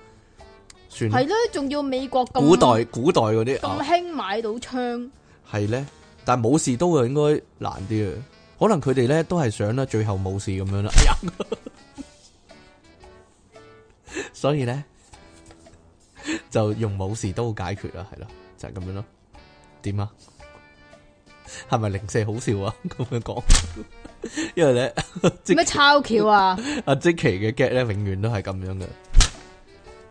算係啦，仲要美國古代古代嗰啲咁輕買到槍係呢？但係冇事都係應該難啲啊，可能佢哋呢都係想咧最後冇事咁樣啦。哎所以咧，就用武士刀解決啦，係咯，就咁、是、樣咯。點啊？係咪零舍好笑啊？咁樣講，因為咧呢，咩抄橋啊？阿、啊、積淇嘅 get 咧，永遠都係咁樣嘅。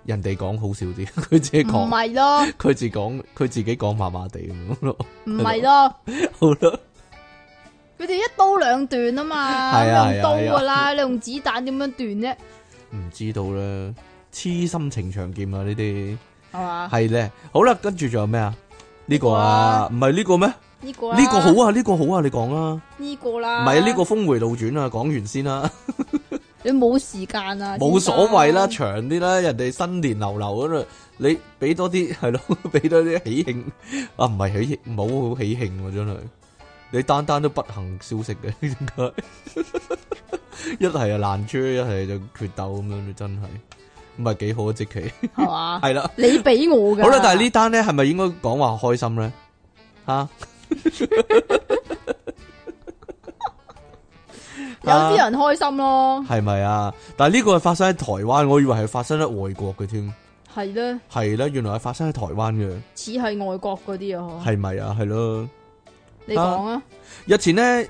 人哋講好笑啲，佢自己講唔係咯。佢自講，佢自己講麻麻地咁咯。唔係咯， *laughs* *laughs* 好咯了。佢哋一刀兩斷啊嘛，啊用刀噶啦，啊啊啊、你用子彈點樣斷啫？ *laughs* 唔知道啦，痴心情長劍啊，呢啲係嘛係咧，好啦，跟住仲有咩、呢個、啊？呢個唔係呢個咩？呢個呢、啊、個好啊，呢、呢個好啊，你講啊？呢個啦，唔係呢個峰回路轉啊，講完先啦，你冇時間啊，冇、 *laughs* 啊、所謂啦、啊，啊、長啲啦、啊，人哋新年流流咁啊，你俾多啲係咯，俾多啲喜慶啊，唔係喜慶，冇好喜慶喎，真係，你單，單單都不幸消息嘅、啊，點解？ *laughs* 一係就難追，一係就決鬥咁樣，真係唔係幾好是是說說啊！即期係嘛，係啦，你俾我嘅。好啦，但係呢單咧，係咪應該講話開心咧？吓，有啲人開心咯，係咪啊？但係呢個係發生喺台灣，我以為係發生喺外國嘅添，係咧，係啦，原來係發生喺台灣嘅，似係外國嗰啲啊，係咪啊？係咯，你講啊，日前咧。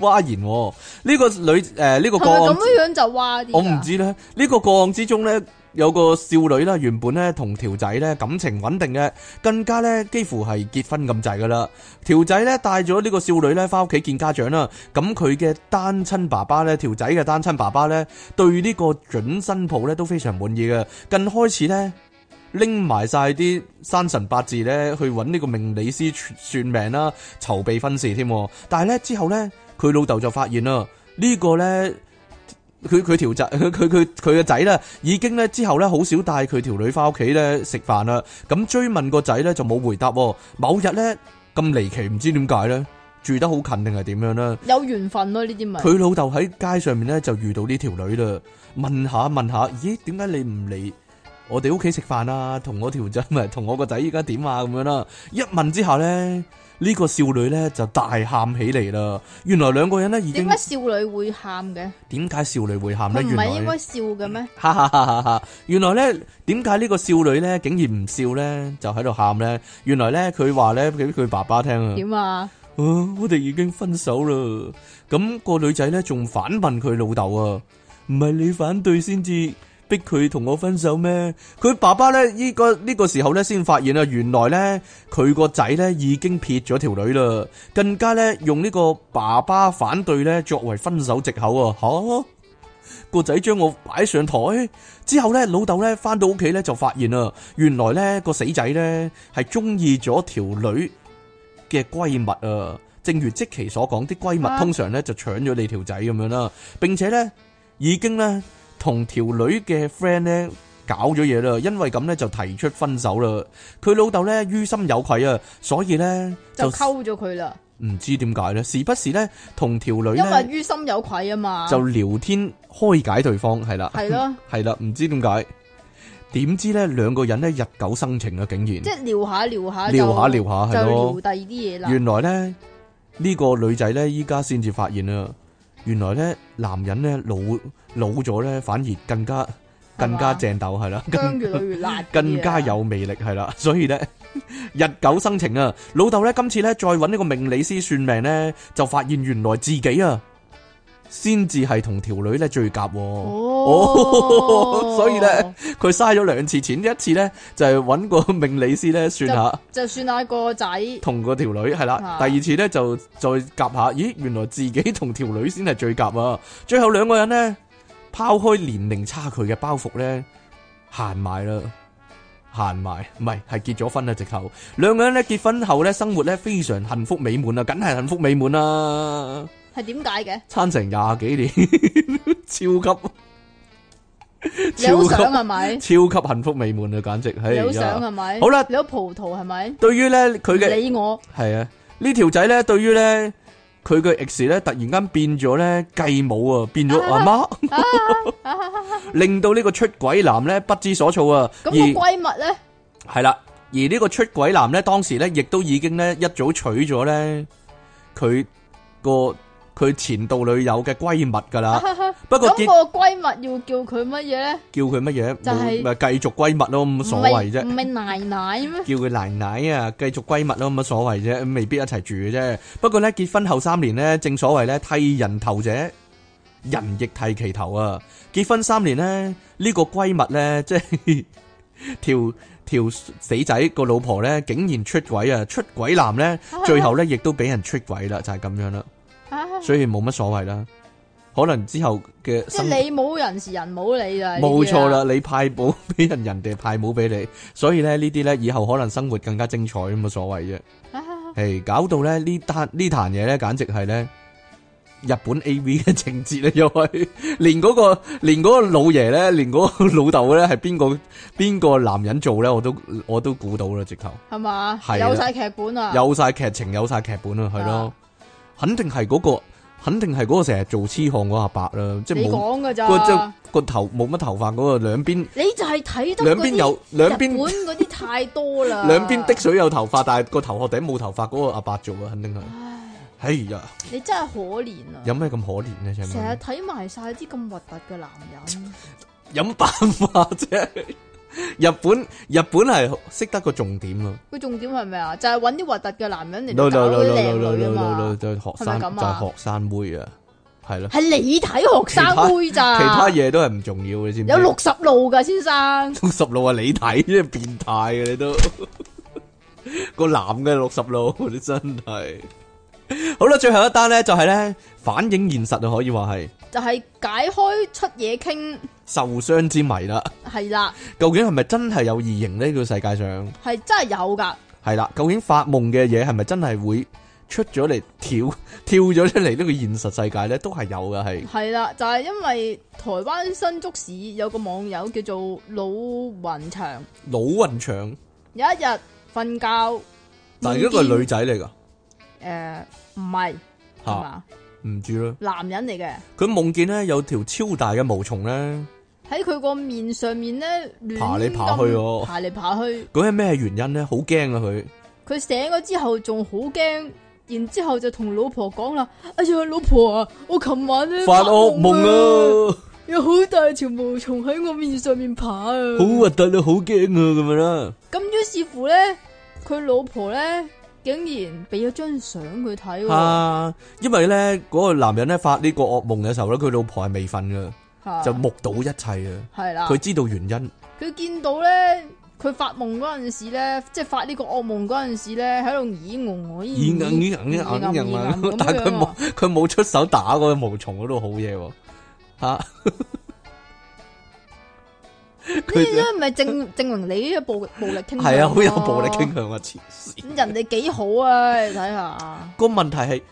挖言喎，呢、哦這個女誒呢、呃這個個案，係咁樣就挖我唔知咧，呢、這個個案之中咧，有個少女啦，原本咧同條仔咧感情穩定嘅，更加咧幾乎係結婚咁滯噶啦。條仔咧帶咗呢帶個少女咧翻屋企見家長啦。咁佢嘅單親爸爸咧，條仔嘅單親爸爸咧，對呢個準新抱咧都非常滿意嘅。更開始咧拎埋晒啲生辰八字咧去揾呢個命理師算命啦、啊，籌備婚事添。但係咧之後咧。佢老豆就發現啦，這個、呢個咧，佢佢條仔，佢佢佢個仔咧，已經咧之後咧，好少帶佢條女翻屋企咧食飯啦。咁追問個仔咧就冇回答。某日咧咁離奇，唔知點解咧，住得好近定係點樣咧？有緣分咯、啊，呢啲咪。佢老豆喺街上面咧就遇到呢條女啦，問下問下，咦，點解你唔嚟？我哋屋企食飯啊，同我條仔咪同我個仔，依家點啊？咁樣啦、啊，一問之下咧，呢、這個少女咧就大喊起嚟啦。原來兩個人咧已經點解少女會喊嘅？點解少女會喊咧？原來唔係應該笑嘅咩？哈哈哈哈！哈，原來咧，點解呢個少女咧竟然唔笑咧，就喺度喊咧？原來咧，佢話咧俾佢爸爸聽啊。點啊？我哋已經分手啦。咁、那個女仔咧仲反問佢老豆啊？唔係你反對先至逼佢同我分手咩？佢爸爸咧呢、呢個呢、呢個時候咧先發現啊，原來咧佢個仔咧已經撇咗條女啦，更加咧用呢個爸爸反對咧作為分手藉口！啊，吓，個仔將我擺上台之後咧，老豆咧返到屋企咧就發現啊，原來咧、個死仔咧係中意咗條女嘅閨蜜啊！正如積淇所講，啲閨蜜通常咧就搶咗你條仔咁樣啦，並且呢已經咧。同條女嘅 friend 咧搞咗嘢啦，因為咁咧就提出分手啦。佢老豆咧於心有愧啊，所以咧就溝咗佢啦。唔知點解咧？時不時咧同條女因為於心有愧啊嘛，就聊天開解對方係啦，係咯，係啦，唔知點解？點知咧兩個人咧日久生情啊，竟然即係聊下聊下，聊下聊下就聊第二啲嘢啦。原來咧呢個女仔咧依家先至發現啦。原來咧，男人咧老老咗咧，反而更加更加正斗係啦，更加有魅力係啦， *laughs* 所以咧日久生情啊，老豆咧今次咧再揾呢個命理師算命咧，就發現原來自己啊。先至係同條女咧最夾，啊，哦， *laughs* 所以咧佢嘥咗兩次錢，一次咧就係揾個命理師咧算下就，就算下個仔同個條女，係啦，啊、第二次咧就再夾下，咦，原來自己同條女先係最夾啊！最後兩個人咧，拋開年齡差距嘅包袱咧，行埋啦，行埋，唔係係結咗婚啦，直頭兩個人咧結婚後咧生活咧非常幸福美滿啊，梗係幸福美滿啦、啊、～係點解嘅？撐成廿幾年，超級有相係咪？超級，超級幸福美滿啊，簡直係有相係咪？你好，好啦，有葡萄係咪？對於咧，佢嘅你我係啊，條，呢條仔咧，對於咧，佢嘅 ex 咧，突然間變咗咧繼母啊，變咗阿媽，令到呢個出軌男咧不知所措啊。咁個閨蜜咧係啦，而呢個出軌男咧，當時咧亦都已經咧一早娶咗咧佢個。佢前度女友嘅閨蜜噶啦，不過個閨蜜要叫佢乜嘢咧？叫佢乜嘢就係繼續閨蜜咯，咁乜所謂啫，唔係奶奶咩？叫佢奶奶啊，繼續閨蜜咯，咁乜所謂啫？未必一齊住嘅啫。不過咧，結婚後三年咧，正所謂咧，剃人頭者人亦剃其頭啊。結婚三年咧，呢個閨蜜咧，即係條條死仔個老婆咧，竟然出軌啊！出軌男咧，最後咧亦都俾人出軌啦，就係咁樣啦。所以冇乜所謂啦，可能之後嘅即係你冇人，時人你是人冇你啊，冇錯啦，你派帽俾人，人哋派帽俾你，所以咧呢啲咧以後可能生活更加精彩，冇乜所謂啫。誒， *laughs* hey, 搞到咧呢單呢壇嘢咧，簡直係咧日本 A V 嘅情節啊！因為連嗰個連嗰個老爺咧，連嗰個老豆咧，係邊個邊個男人做咧，我都我都估到吧啦，直頭係嘛，有晒劇本啊，有晒劇情，有晒劇本啊，係咯。 *laughs* 肯定係嗰、嗰個，肯定係嗰個成日做痴漢嗰阿伯啦，即係個個頭冇乜頭髮嗰個兩邊，兩邊你就係睇到兩邊有兩邊，日本嗰啲太多啦，兩邊滴水有頭髮，但係個頭殼頂冇頭髮嗰個阿伯做啊，肯定係，哎呀唉，嘿你真係可憐啊，有咩咁可憐啊？成日睇埋晒啲咁核突嘅男人，有咩 *laughs* 辦法啫？日本日本係識得個重點啊，個重點係咪啊？就係揾啲核突嘅男人嚟到搞佢靚女啊嘛 *music* 就係、是、學，學生妹啊，係咯，係你睇學生妹咋，其他嘢都係唔重要嘅，知，知有六十路㗎先生，六十路啊，你睇，即係變態嘅你都個男嘅六十路，你真係。好啦，最後一單咧，就係、是、咧反映現實啊，可以話係，就係解開出體 king 受傷之謎啦。係啦的，究竟係咪真係有異形咧？呢個世界上係真係有噶。係啦，究竟發夢嘅嘢係咪真係會出咗嚟跳跳咗出嚟呢個現實世界咧？都係有噶係。係啦，就係、是、因為台灣新竹市有個網友叫做老雲祥。老雲祥，有一日瞓覺見見，但係呢個係女仔嚟噶。誒，唔係、呃，吓，唔、啊、係嘛知啦。男人嚟嘅，佢夢見咧有條超大嘅毛蟲咧喺佢個面上面咧爬嚟爬去，哦，爬嚟爬去，爬去。嗰係咩原因咧？好驚啊！佢佢醒咗之後仲好驚，然之後就同老婆講啦：哎呀，老婆啊，我琴晚咧發惡夢啊，有好大條毛蟲喺我面上面爬啊，好核突啊，好驚啊，咁樣啦。咁於是乎咧，佢老婆咧。呢竟然俾咗張相佢睇喎，因為咧嗰個男人咧發呢個噩夢嘅時候咧，佢老婆係未瞓㗎， 就目睹一切嘅，係啦的，佢知道原因，佢見到咧，佢發夢嗰陣時咧，即係發呢個噩夢嗰陣時咧，喺度耳我我耳耳耳耳耳耳耳耳耳耳耳耳耳耳耳耳耳耳耳耳呢啲咪證證明你呢個暴暴力傾向係啊，好、啊、有暴力傾向啊！黐線！人哋幾好啊，你睇下。個問題係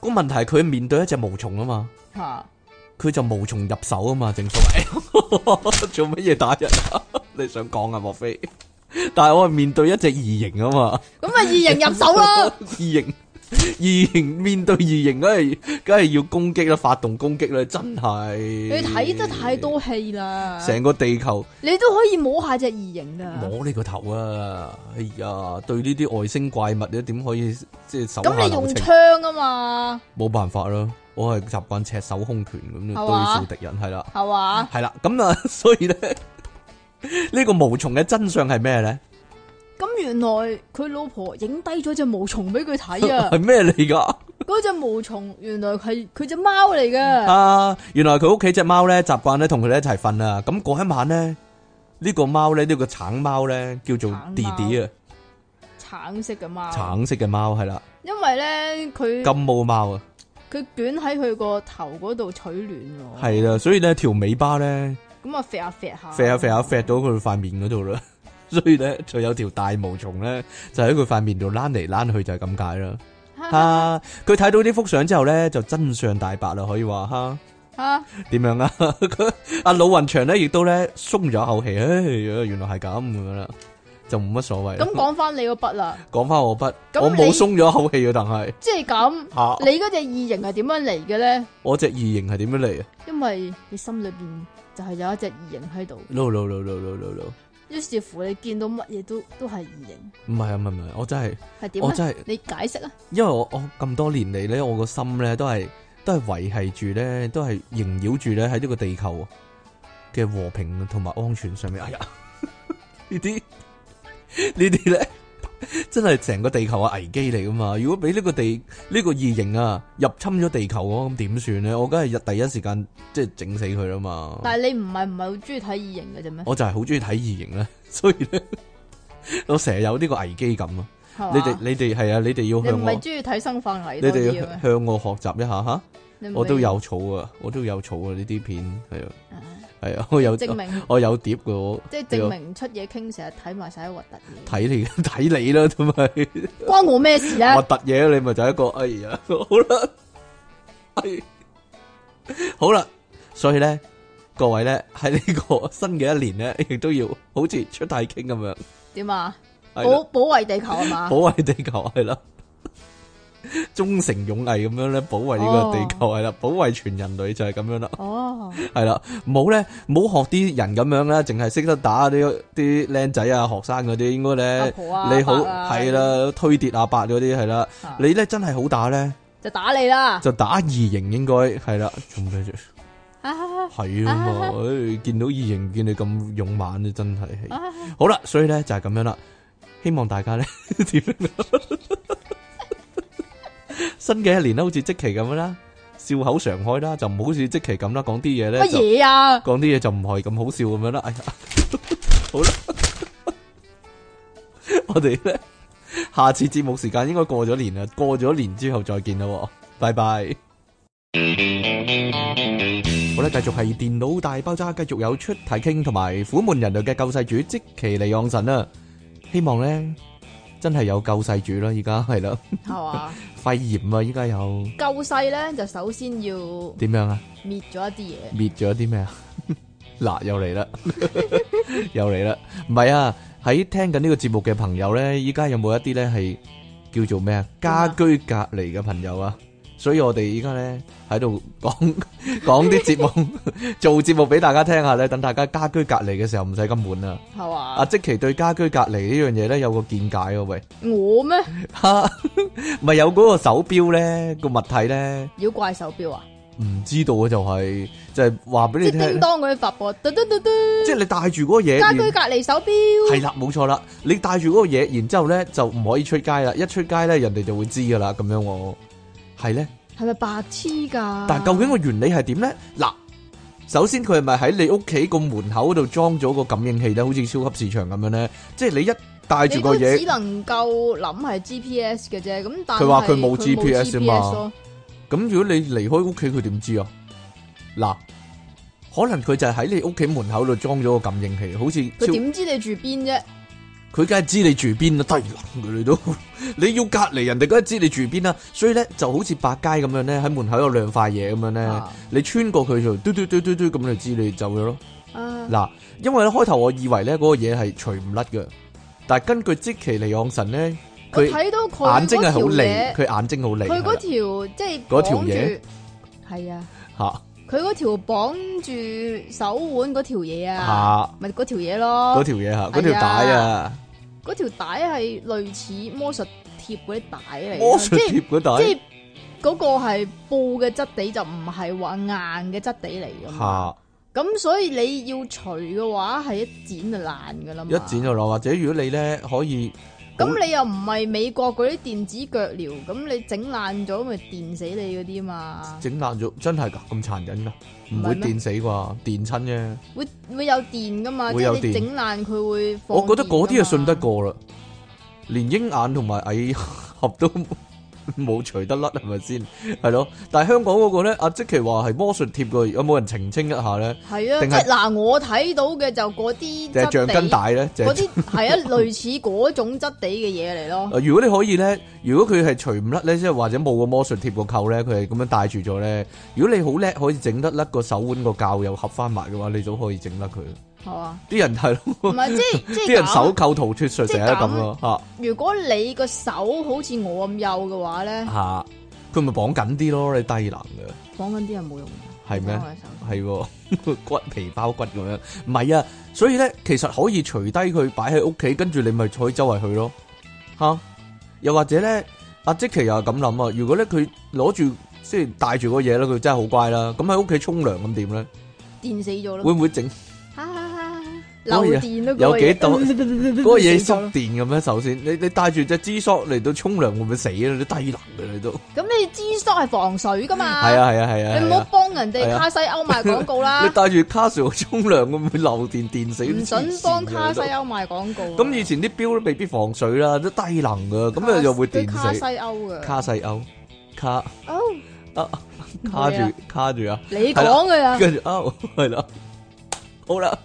個問題係佢面對一隻毛蟲啊嘛，佢哈就毛蟲入手啊嘛，正所謂 *laughs* 做乜嘢打人啊？你想講啊？莫非？ *laughs* 但係我係面對一隻異形啊嘛，咁咪異形入手咯，異形。異形面對異形，梗係梗係要攻擊啦，發動攻擊啦，真係。你睇得太多戲啦，成個地球，你都可以摸下隻異形噶。摸你個頭啊！哎呀，對呢啲外星怪物，你點可以即係手？咁你用槍啊嘛，冇辦法啦。我係習慣赤手空拳咁對付敵人，係啦，係哇吧，係啦，咁啊，所以咧，呢 *laughs* 個無從嘅真相係咩咧？咁原來佢老婆影低咗隻毛蟲俾佢睇啊！係咩嚟噶？嗰隻毛蟲原來係佢隻貓嚟㗎。啊，原來佢屋企隻貓咧，習慣咧同佢哋一齊瞓啊！咁嗰一晚咧，呢個貓咧，呢個橙貓咧，叫做弟弟啊。橙色嘅貓。橙色嘅貓係啦。因為咧，佢金毛貓啊，佢捲喺佢個頭嗰度取暖。係啦，所以咧條尾巴咧，咁啊，甩下甩下，甩下甩下甩到佢塊面嗰度啦。所以咧，就有條大毛蟲咧，就喺佢塊面度攣嚟攣去，就係咁解啦。吓，佢睇到啲幅相之後咧，就真相大白啦，可以話吓吓點樣啊？阿、 *laughs* 啊啊、老云祥咧，亦都咧鬆咗口氣，原來係咁噶啦，就冇乜所謂。咁講翻你嗰筆啦，講翻我筆，我冇鬆咗口氣嘅，但係即係咁，說你嗰隻異形係點樣嚟嘅咧？我隻異形係點樣嚟啊？因為你心裏邊就係有一隻異形喺度。no no no no no no no 於是乎你，你見到乜嘢都都係異形。唔係啊，唔係唔係，我真係，係點，我真係，你解釋啊。因為我我咁多年嚟咧，我個心咧都係都係維繫住咧，都係縈繞住咧喺呢個地球嘅和平同埋安全上面哎呀，呢啲，呢啲呢啲咧。真係成個地球係危機嚟㗎嘛！如果俾呢個地呢、呢個異形啊入侵咗地球，咁點算咧？我梗係日第一時間即係整死佢啦嘛！但係你唔係唔係好中意睇異形嘅啫咩？我就係好中意睇異形啦，所以咧 *laughs* 我成日有呢個危機感吧啊！你哋你哋係啊！你哋要向我唔係中意睇生化危，你哋要向我學習一下吓。我都有草啊！我都有草啊！呢啲片係啊，係啊，我有，證明我有碟噶，我即係證，要證明出嘢傾，成日睇埋晒啲核突嘢，睇你睇你啦，同埋，關我咩事啊？核突嘢你咪就一個，哎呀，好啦，係、哎、好啦，所以咧，各位咧喺呢個新嘅一年咧，亦都要好似出大傾咁樣，點啊？保的保衛地球啊嘛？ *laughs* 保衛地球係啦。忠誠 *laughs* 勇毅咁樣咧，保衛呢個地球係啦、oh.，保衛全人類就係咁樣啦。哦、oh.，係 *laughs* 啦，冇咧，冇學啲人咁樣啦，淨係識得打啲啲靚仔啊、學生嗰啲，應該咧，婆婆啊、你好係啦、啊，推跌阿伯嗰啲係啦，oh. 你咧真係好打咧，就打你啦，就打二型應該係啦，做咩啫？係啊、 *laughs* *laughs* 哎，見到二型，見你咁勇猛咧，真係 *laughs* 好啦。所以咧就係咁樣啦，希望大家咧 *laughs* *laughs* 新嘅一年啦，好似積淇咁啦，笑口常開啦，就唔好似積淇咁啦，講啲嘢咧，乜嘢啊？講啲嘢就唔係咁好笑咁樣啦。哎呀， *laughs* 好啦吧， *laughs* 我哋咧，下次節目時間應該過咗年啦，過咗年之後再見啦。拜拜。 *music* 好啦，繼續係電腦大爆炸，繼續有出體 king 同埋苦悶人類嘅救世主積淇離岸神啦。希望咧。真係有救世主咯！而家係咯，係嘛？肺炎啊，依家有救世咧，就首先要點樣啊？滅咗一啲嘢，滅咗一啲咩啊？嗱，又嚟啦，又嚟啦！唔係啊，喺聽緊呢個節目嘅朋友咧，依家有冇一啲咧係叫做咩啊？家居隔離嘅朋友啊，所以我哋依家咧。喺度講講啲節目， *laughs* 做節目俾大家聽下咧，等大家家居隔離嘅時候唔使咁悶啊！係嘛，啊，積淇對家居隔離呢樣嘢咧有個見解啊喂！我咩嗎？咪 *laughs* 有嗰個手錶咧、嗰個物體咧？妖怪手錶啊？唔知道啊就係、是、就係話俾你聽，當佢呢發播嘟嘟嘟嘟，叮叮叮叮即係你帶住嗰嘢家居隔離手錶係啦，冇錯啦，你帶住嗰個嘢，然之後咧就唔可以出街啦，一出街咧人哋就會知噶啦，咁樣我係咧。係咪白痴噶？但究竟個原理係點咧？嗱，首先佢係咪喺你屋企個門口度裝咗個感應器咧？好似超級市場咁樣咧，即係你一帶住個嘢，只能夠諗係 GPS 嘅啫。咁但係佢話佢冇 GPS 啊嘛。咁如果你離開屋企，佢點知啊？嗱，可能佢就係喺你屋企門口度裝咗個感應器，好似佢點知你住邊啫？佢梗係知你住邊啦，低佢你都，你要隔籬人哋梗係知你住邊啦，所以咧就好似百佳咁樣咧，喺門口有兩塊嘢咁樣咧，你穿過佢就嘟嘟嘟嘟嘟咁就知你走咗咯。嗱，因為咧開頭我以為咧嗰個嘢係除唔甩嘅，但係根據積淇離岸神咧，佢睇到佢眼睛係好利，佢眼睛好利，佢嗰條即係嗰條嘢，係啊，吓，佢嗰條綁住手腕嗰條嘢啊，吓，咪嗰條嘢咯，嗰條嘢吓，嗰條帶啊。嗰條帶係類似魔術貼嗰啲帶嚟，嘅，即係是即係是嗰個係布嘅質地就唔係話硬嘅質地嚟嘅嘛，咁哈所以你要除嘅話係一剪就爛噶啦嘛，一剪就爛，或者如果你咧可以。咁你又唔係美國嗰啲電子腳鐐，咁你整爛咗咪電死你嗰啲嘛？整爛咗真係噶，咁殘忍噶，唔會電死啩，電親啫。會會有電噶嘛？即係你整爛佢會放電。我覺得嗰啲就信得過啦，連鷹眼同埋蟻俠都。冇除 *laughs* 得甩係咪先？係咯，但係香港嗰個咧，阿積淇話係魔術貼個，有冇人澄清一下咧？係啊，是即係是嗱，我睇到嘅就嗰啲橡筋帶咧，嗰啲係啊，類似嗰種質地嘅嘢嚟咯。如果你可以咧，如果佢係除唔甩咧，即係或者冇個魔術貼個扣咧，佢係咁樣帶住咗咧。如果你好叻，可以整得甩個手腕個膠又合翻埋嘅話，你都可以整得佢。係啊！啲人係咯，唔係即係啲人，人手扣逃脫術成日都咁咯吓。樣如果你個手好似我咁幼嘅話咧，吓佢咪綁緊啲咯？你低能嘅綁緊啲係冇用嘅，係咩嗎？係骨是咯 *laughs* 皮包骨咁樣，唔係啊！所以咧，其實可以除低佢擺喺屋企，跟住你咪可以周圍去咯吓、啊。又或者咧，阿積淇又係咁諗啊！如果咧佢攞住即係帶住嗰嘢咧，佢真係好乖啦。咁喺屋企沖涼咁點咧？電死咗咯！會唔會整？ *laughs* 漏電都，有幾度？嗰嘢觸電嘅咩？首先，你你帶住隻支索嚟到沖涼會唔會死啊？你低能嘅你都。咁你支索係防水噶嘛？係啊係啊係啊！你唔好幫人哋卡西歐賣廣告啦！你帶住卡西歐沖涼會唔會漏電電死？唔准幫卡西歐賣廣告。咁以前啲表都未必防水啦，都低能嘅，咁咧就會電死。卡西歐嘅卡西歐卡啊卡住卡住啊！你講嘅啦，跟住哦係啦，好啦。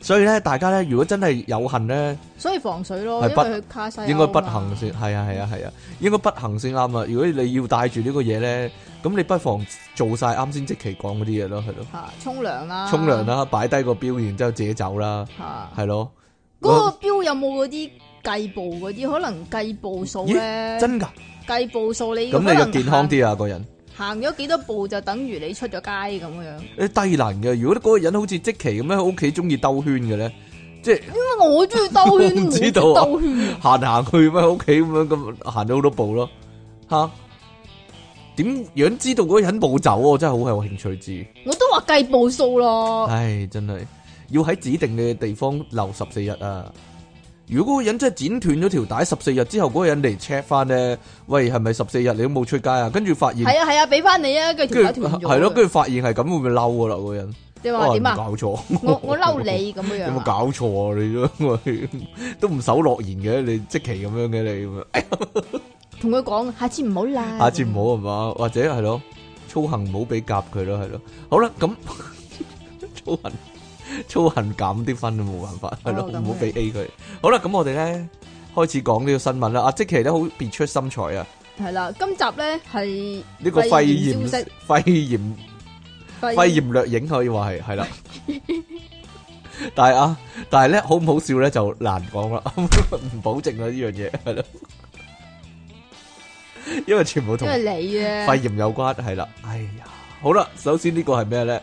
所以咧，大家咧，如果真係有幸咧，所以防水咯，係不因為佢卡西，應該不行先係啊係啊係啊，啊，應該不行先啱啊！如果你要帶住呢個嘢咧，咁你不妨做晒啱先即期講嗰啲嘢咯，係咯、啊。吓、啊，沖涼啦，沖涼啦，擺低個表，然之後自己走啦，係、啊、咯。嗰個表有冇嗰啲計步嗰啲？可能計步數咧，真噶，計步數你咁你要健康啲啊行個人。行咗幾多步就等於你出咗街咁樣。誒，低能嘅。如果嗰個人好似積淇咁樣，喺屋企中意兜圈嘅咧，即係。點解我中意兜圈。 *laughs* 知道兜圈。 *laughs* 行行去咩？屋企咁樣咁行咗好多步咯，吓。點樣知道嗰個人步走？我真係好係有興趣知。我都話計步數咯。唉，真係要喺指定嘅地方留十四日啊！如果嗰個人真係剪斷咗條帶，十四日之後，嗰個人嚟 check 翻咧，喂，係咪十四日你都冇出街啊？跟住發現，係啊係啊，俾翻你啊，佢條帶斷咗。係咯，跟住發現係咁，會唔會嬲噶啦？嗰人，你話點啊？點啊？搞錯，我我嬲你咁樣樣，有冇搞錯啊？你都都唔守諾言嘅，你即期咁樣嘅你，同佢講下次唔好啦，下次唔好係嘛，或者係咯，操行唔好俾夾佢咯，係咯，好啦，咁操行。操恨減啲分都冇辦法，係咯、哦，唔好俾 A 佢。好啦，咁我哋咧開始講呢個新聞啦。阿、啊、積淇咧好別出心裁啊，係啦。今集咧係呢個肺炎，肺炎肺炎，炎掠影可以話係係啦。 *laughs* *laughs* 但係啊，但係咧好唔好笑咧就難講啦，唔 *laughs* 保證啦呢樣嘢係咯， *laughs* *laughs* 因為全部同肺炎有關係啦。 *laughs* 哎呀，好啦，首先呢個係咩咧？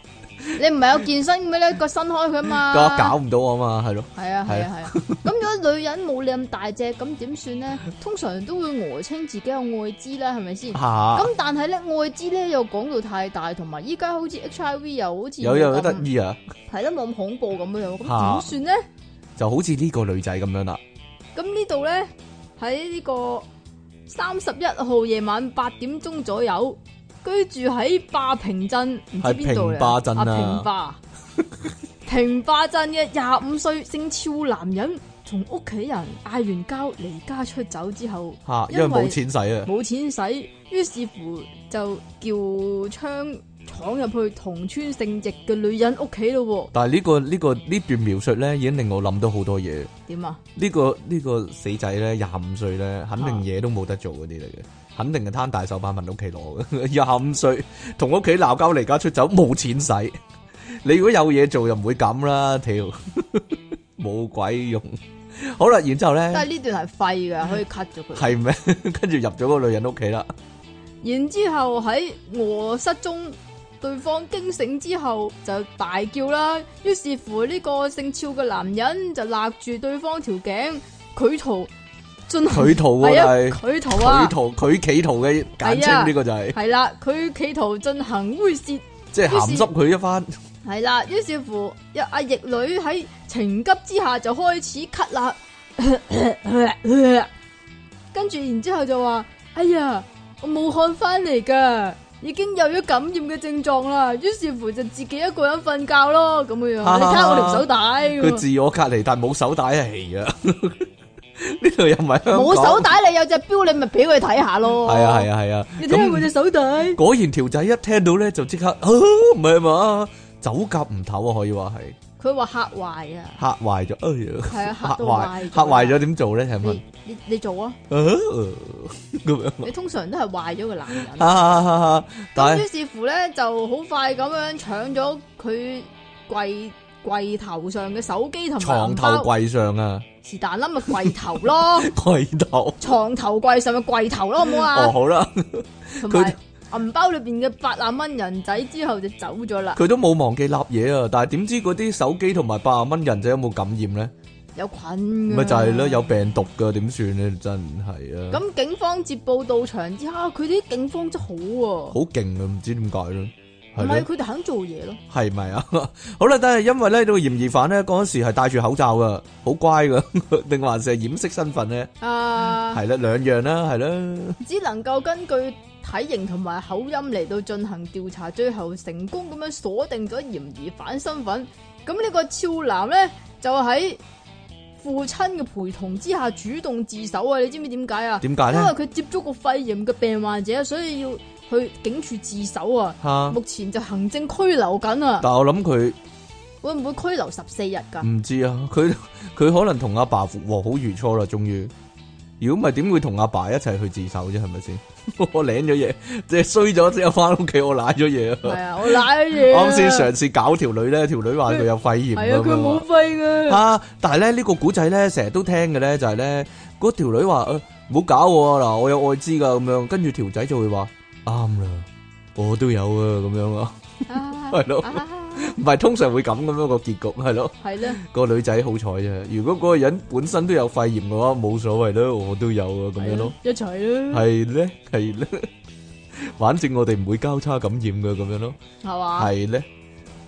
你唔係有健身咩咧？個伸開佢嘛，搞唔到我嘛，係咯。係啊係啊係啊。咁、啊啊、 *laughs* 如果女人冇你咁大隻，咁點算咧？通常都會訛、呃、稱自己有艾滋啦，係咪先？吓、啊。咁但係咧，艾滋咧又講到太大，同埋依家好似 H I V 又好似有有覺得得醫啊？係得冇咁恐怖咁樣樣，咁點算咧？ *laughs* 就好似呢個女仔咁樣啦。咁呢度咧，喺呢個三十一號夜晚八點鐘左右。居住喺霸平鎮，唔知邊度啊，啊？平霸， *laughs* 平霸鎮嘅廿五歲，姓超男人，從屋企人嗌完交，離家出走之後，吓、啊，因為冇錢使啊，冇錢使，於是乎就叫槍。闖入去同村姓葉嘅女人屋企咯，但係呢個呢個呢段描述咧，已經令我諗到好多嘢。點啊？呢個呢個死仔咧，廿五歲咧，肯定嘢都冇得做嗰啲嚟嘅，肯定係攤大手板問屋企攞嘅。廿五歲同屋企鬧交離家出走，冇錢使。你如果有嘢做，就唔會咁啦。條冇鬼用。好啦，然之後咧，但係呢段係廢㗎，可以 cut 咗佢。係咩？跟住入咗個女人屋企啦。然之後喺我室中。對方驚醒之後就大叫啦，於是乎呢個姓趙嘅男人就勒住對方條頸，佢圖進企圖係企圖啊企圖佢企圖嘅簡稱呢個就係係啦，佢企圖進行猥褻，即係鹹濕佢一番係啦，於是乎一阿逆女喺情急之下就開始咳啦，跟住然之後就話：哎呀，我武漢翻嚟噶。已經有咗感染嘅症狀啦，於是乎就自己一個人瞓覺咯，咁嘅樣。啊、你睇下我條手帶，佢自我隔離但冇手帶，係啊，呢 *laughs* 度又唔係。冇手帶，你有隻錶，你咪俾佢睇下咯。係啊係啊係啊，你睇下佢隻手帶，果然條仔一聽到咧就即刻，唔係嘛，走夾唔唞啊，可以話係。佢話嚇壞啊，嚇壞咗，哎，係啊嚇壞，嚇壞咗點做咧？係咪？你你做啊？咁樣，你通常都係壞咗個男人。咁於是乎咧，就好快咁樣搶咗佢櫃櫃頭上嘅手機同埋床頭櫃上啊！是但啦，咪櫃頭咯，櫃頭，床頭櫃上嘅櫃頭咯，好冇啊？哦，好啦，同埋。銀包裏邊嘅八萬蚊人仔之後就走咗啦。佢都冇忘記攞嘢啊，但係點知嗰啲手機同埋八萬蚊人仔有冇感染咧？有菌。咪就係咯，有病毒噶，點算咧？真係啊！咁警方接報到場之後，佢啲警方真好啊，好勁啊！唔知點解咧？唔係佢哋肯做嘢咯？係咪啊？好啦，但係因為咧，呢個嫌疑犯咧嗰時係戴住口罩噶，好乖噶，定還是係掩飾身份咧？啊，係啦，兩樣啦，係啦，只能夠根據。體型同埋口音嚟到進行調查，最後成功咁樣鎖定咗嫌疑犯身份。咁呢個超男咧就喺父親嘅陪同之下主動自首啊！你知唔知點解啊？點解？因為佢接觸過肺炎嘅病患者，所以要去警署自首啊！吓，目前就行政拘留緊啊！但係我諗佢會唔會拘留十四日噶？唔知啊，佢佢可能同阿爸和好如初啦，終於。如果唔係，點會同阿爸一齊去自首啫？係咪先？我舐咗嘢，即係衰咗，之後翻屋企我舐咗嘢。係啊，我舐咗嘢。啱先嘗試搞條女咧，條女話佢有肺炎，係啊，佢冇肺嘅。啊！但係咧呢個古仔咧，成日都聽嘅咧，就係咧嗰條女話，哎、唔好搞我嗱，我有愛滋噶咁樣。跟住條仔就會話啱啦，我都有啊咁樣啊，係 *laughs* 對咯、啊。唔係通常會咁咁樣個結局係咯，係咧個女仔好彩啫。如果嗰個人本身都有肺炎嘅話，冇所謂咯。我都有啊，咁樣咯，一齊咯，係咧係咧，反正我哋唔會交叉感染嘅，咁樣咯，係嘛，係咧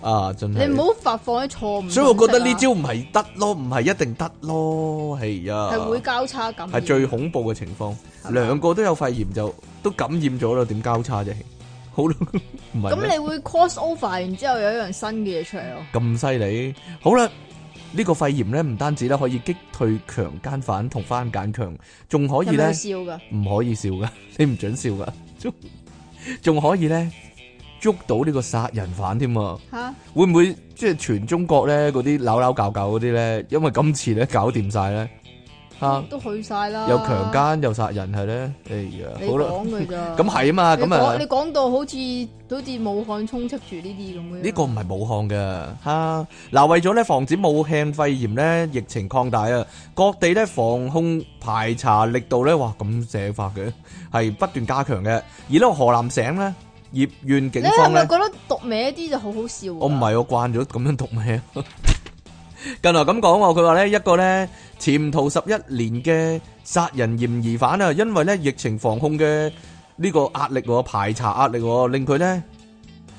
啊，真係你唔好發放啲錯誤，所以我覺得呢招唔係得咯，唔係一定得咯，係呀，係會交叉感，係最恐怖嘅情況，兩個都有肺炎就都感染咗啦，點交叉啫？好唔係咁， *laughs* 了你會 cross over，然之後有一樣新嘅嘢出嚟咯。咁犀利，好啦，呢個肺炎咧，唔單止咧可以擊退強奸犯同翻簡強，仲可以咧笑噶，唔可以笑噶， *laughs* 你唔准笑噶，仲仲可以咧捉到呢個殺人犯添吓，哈會唔會即係全中國咧嗰啲扭扭搞搞嗰啲咧？因為今次咧搞掂晒咧。吓，都去晒啦！又強奸又殺人係咧，哎呀，好啦，咁係啊嘛，咁啊，你講到好似好似武漢充斥住呢啲咁嘅，呢個唔係武漢嘅吓，嗱為咗咧防止武漢肺炎咧疫情擴大啊，各地咧防控排查力度咧，哇咁寫法嘅，係不斷加強嘅，而呢個河南省咧葉縣警方咧，你係咪覺得讀歪一啲就好好笑我？我唔係，我慣咗咁樣讀歪。 *laughs* 近來咁講喎，佢話呢一個呢，潛逃十一年嘅殺人嫌疑犯啊，因為呢疫情防控嘅呢個壓力，排查壓力令佢呢，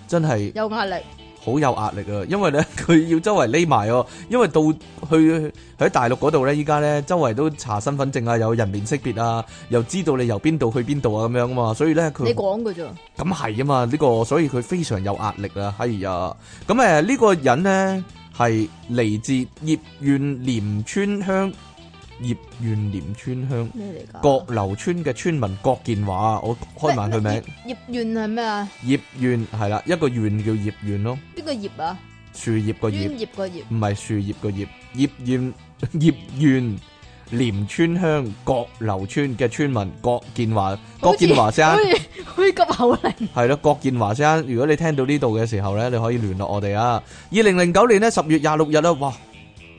真係有壓力，好有壓力啊！因為呢，佢要周圍匿埋哦，因為到去喺大陸嗰度呢，依家呢，周圍都查身份證啊，有人面識別啊，又知道你由邊度去邊度啊，咁樣啊嘛，所以呢，佢你講嘅啫，咁係啊嘛呢個，所以佢非常有壓力啊！哎呀，咁誒呢個人呢。係嚟自葉縣廉村鄉，葉縣廉村鄉咩嚟噶？郭樓村嘅村民郭建華啊，我開埋佢名。葉縣係咩啊？葉縣係啦，一個縣叫葉縣咯。邊個葉啊？樹葉個葉。桉葉個葉，唔係樹葉個葉。葉縣，葉縣。廉村鄉郭樓村嘅村民郭建華，郭建華先生，可以可以急口令。係咯，郭建華先生，如果你聽到呢度嘅時候咧，你可以聯絡我哋啊。二零零九年咧十月廿六日啦，哇，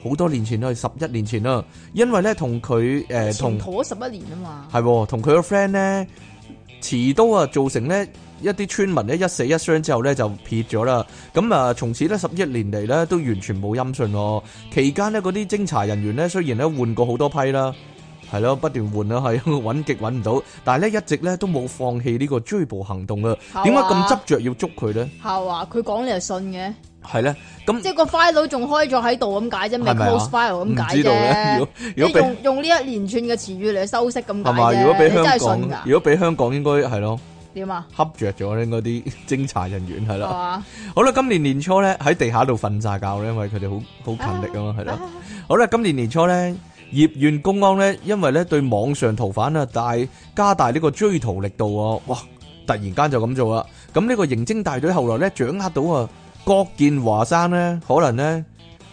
好多年前啦，係十一年前啦，因為咧同佢誒同拖十一年啊嘛，係同佢個 friend 咧遲到啊，造成咧。一啲村民呢，一死一傷之後呢就撇咗啦，咁啊從此呢十一年嚟，呢都完全冇音訊咯。期間呢嗰啲偵查人員呢雖然呢換過好多批啦，係咯不斷換啦，係揾極揾唔到，但係呢一直呢都冇放棄呢個追捕行動啊。點解咁執着要捉佢呢？係啊，佢講你係信嘅，係呢，咁即係個 file 仲開咗喺度咁解啫，未 close file 咁解啫。如果如果用用呢一連串嘅詞語嚟修飾咁解啫，如果俾香港，如果俾香港應該係咯。點啊？恰著咗咧，嗰啲偵查人員係咯。 *laughs* 好啦，今年年初咧，喺地下度瞓晒覺咧，因為佢哋好好勤力啊嘛，係咯。 *laughs* 好啦，今年年初咧，葉縣公安咧，因為咧對網上逃犯啊，大加大呢個追逃力度。哇！突然間就咁做啦。咁呢個刑偵大隊後來咧掌握到啊，郭建華山咧，可能咧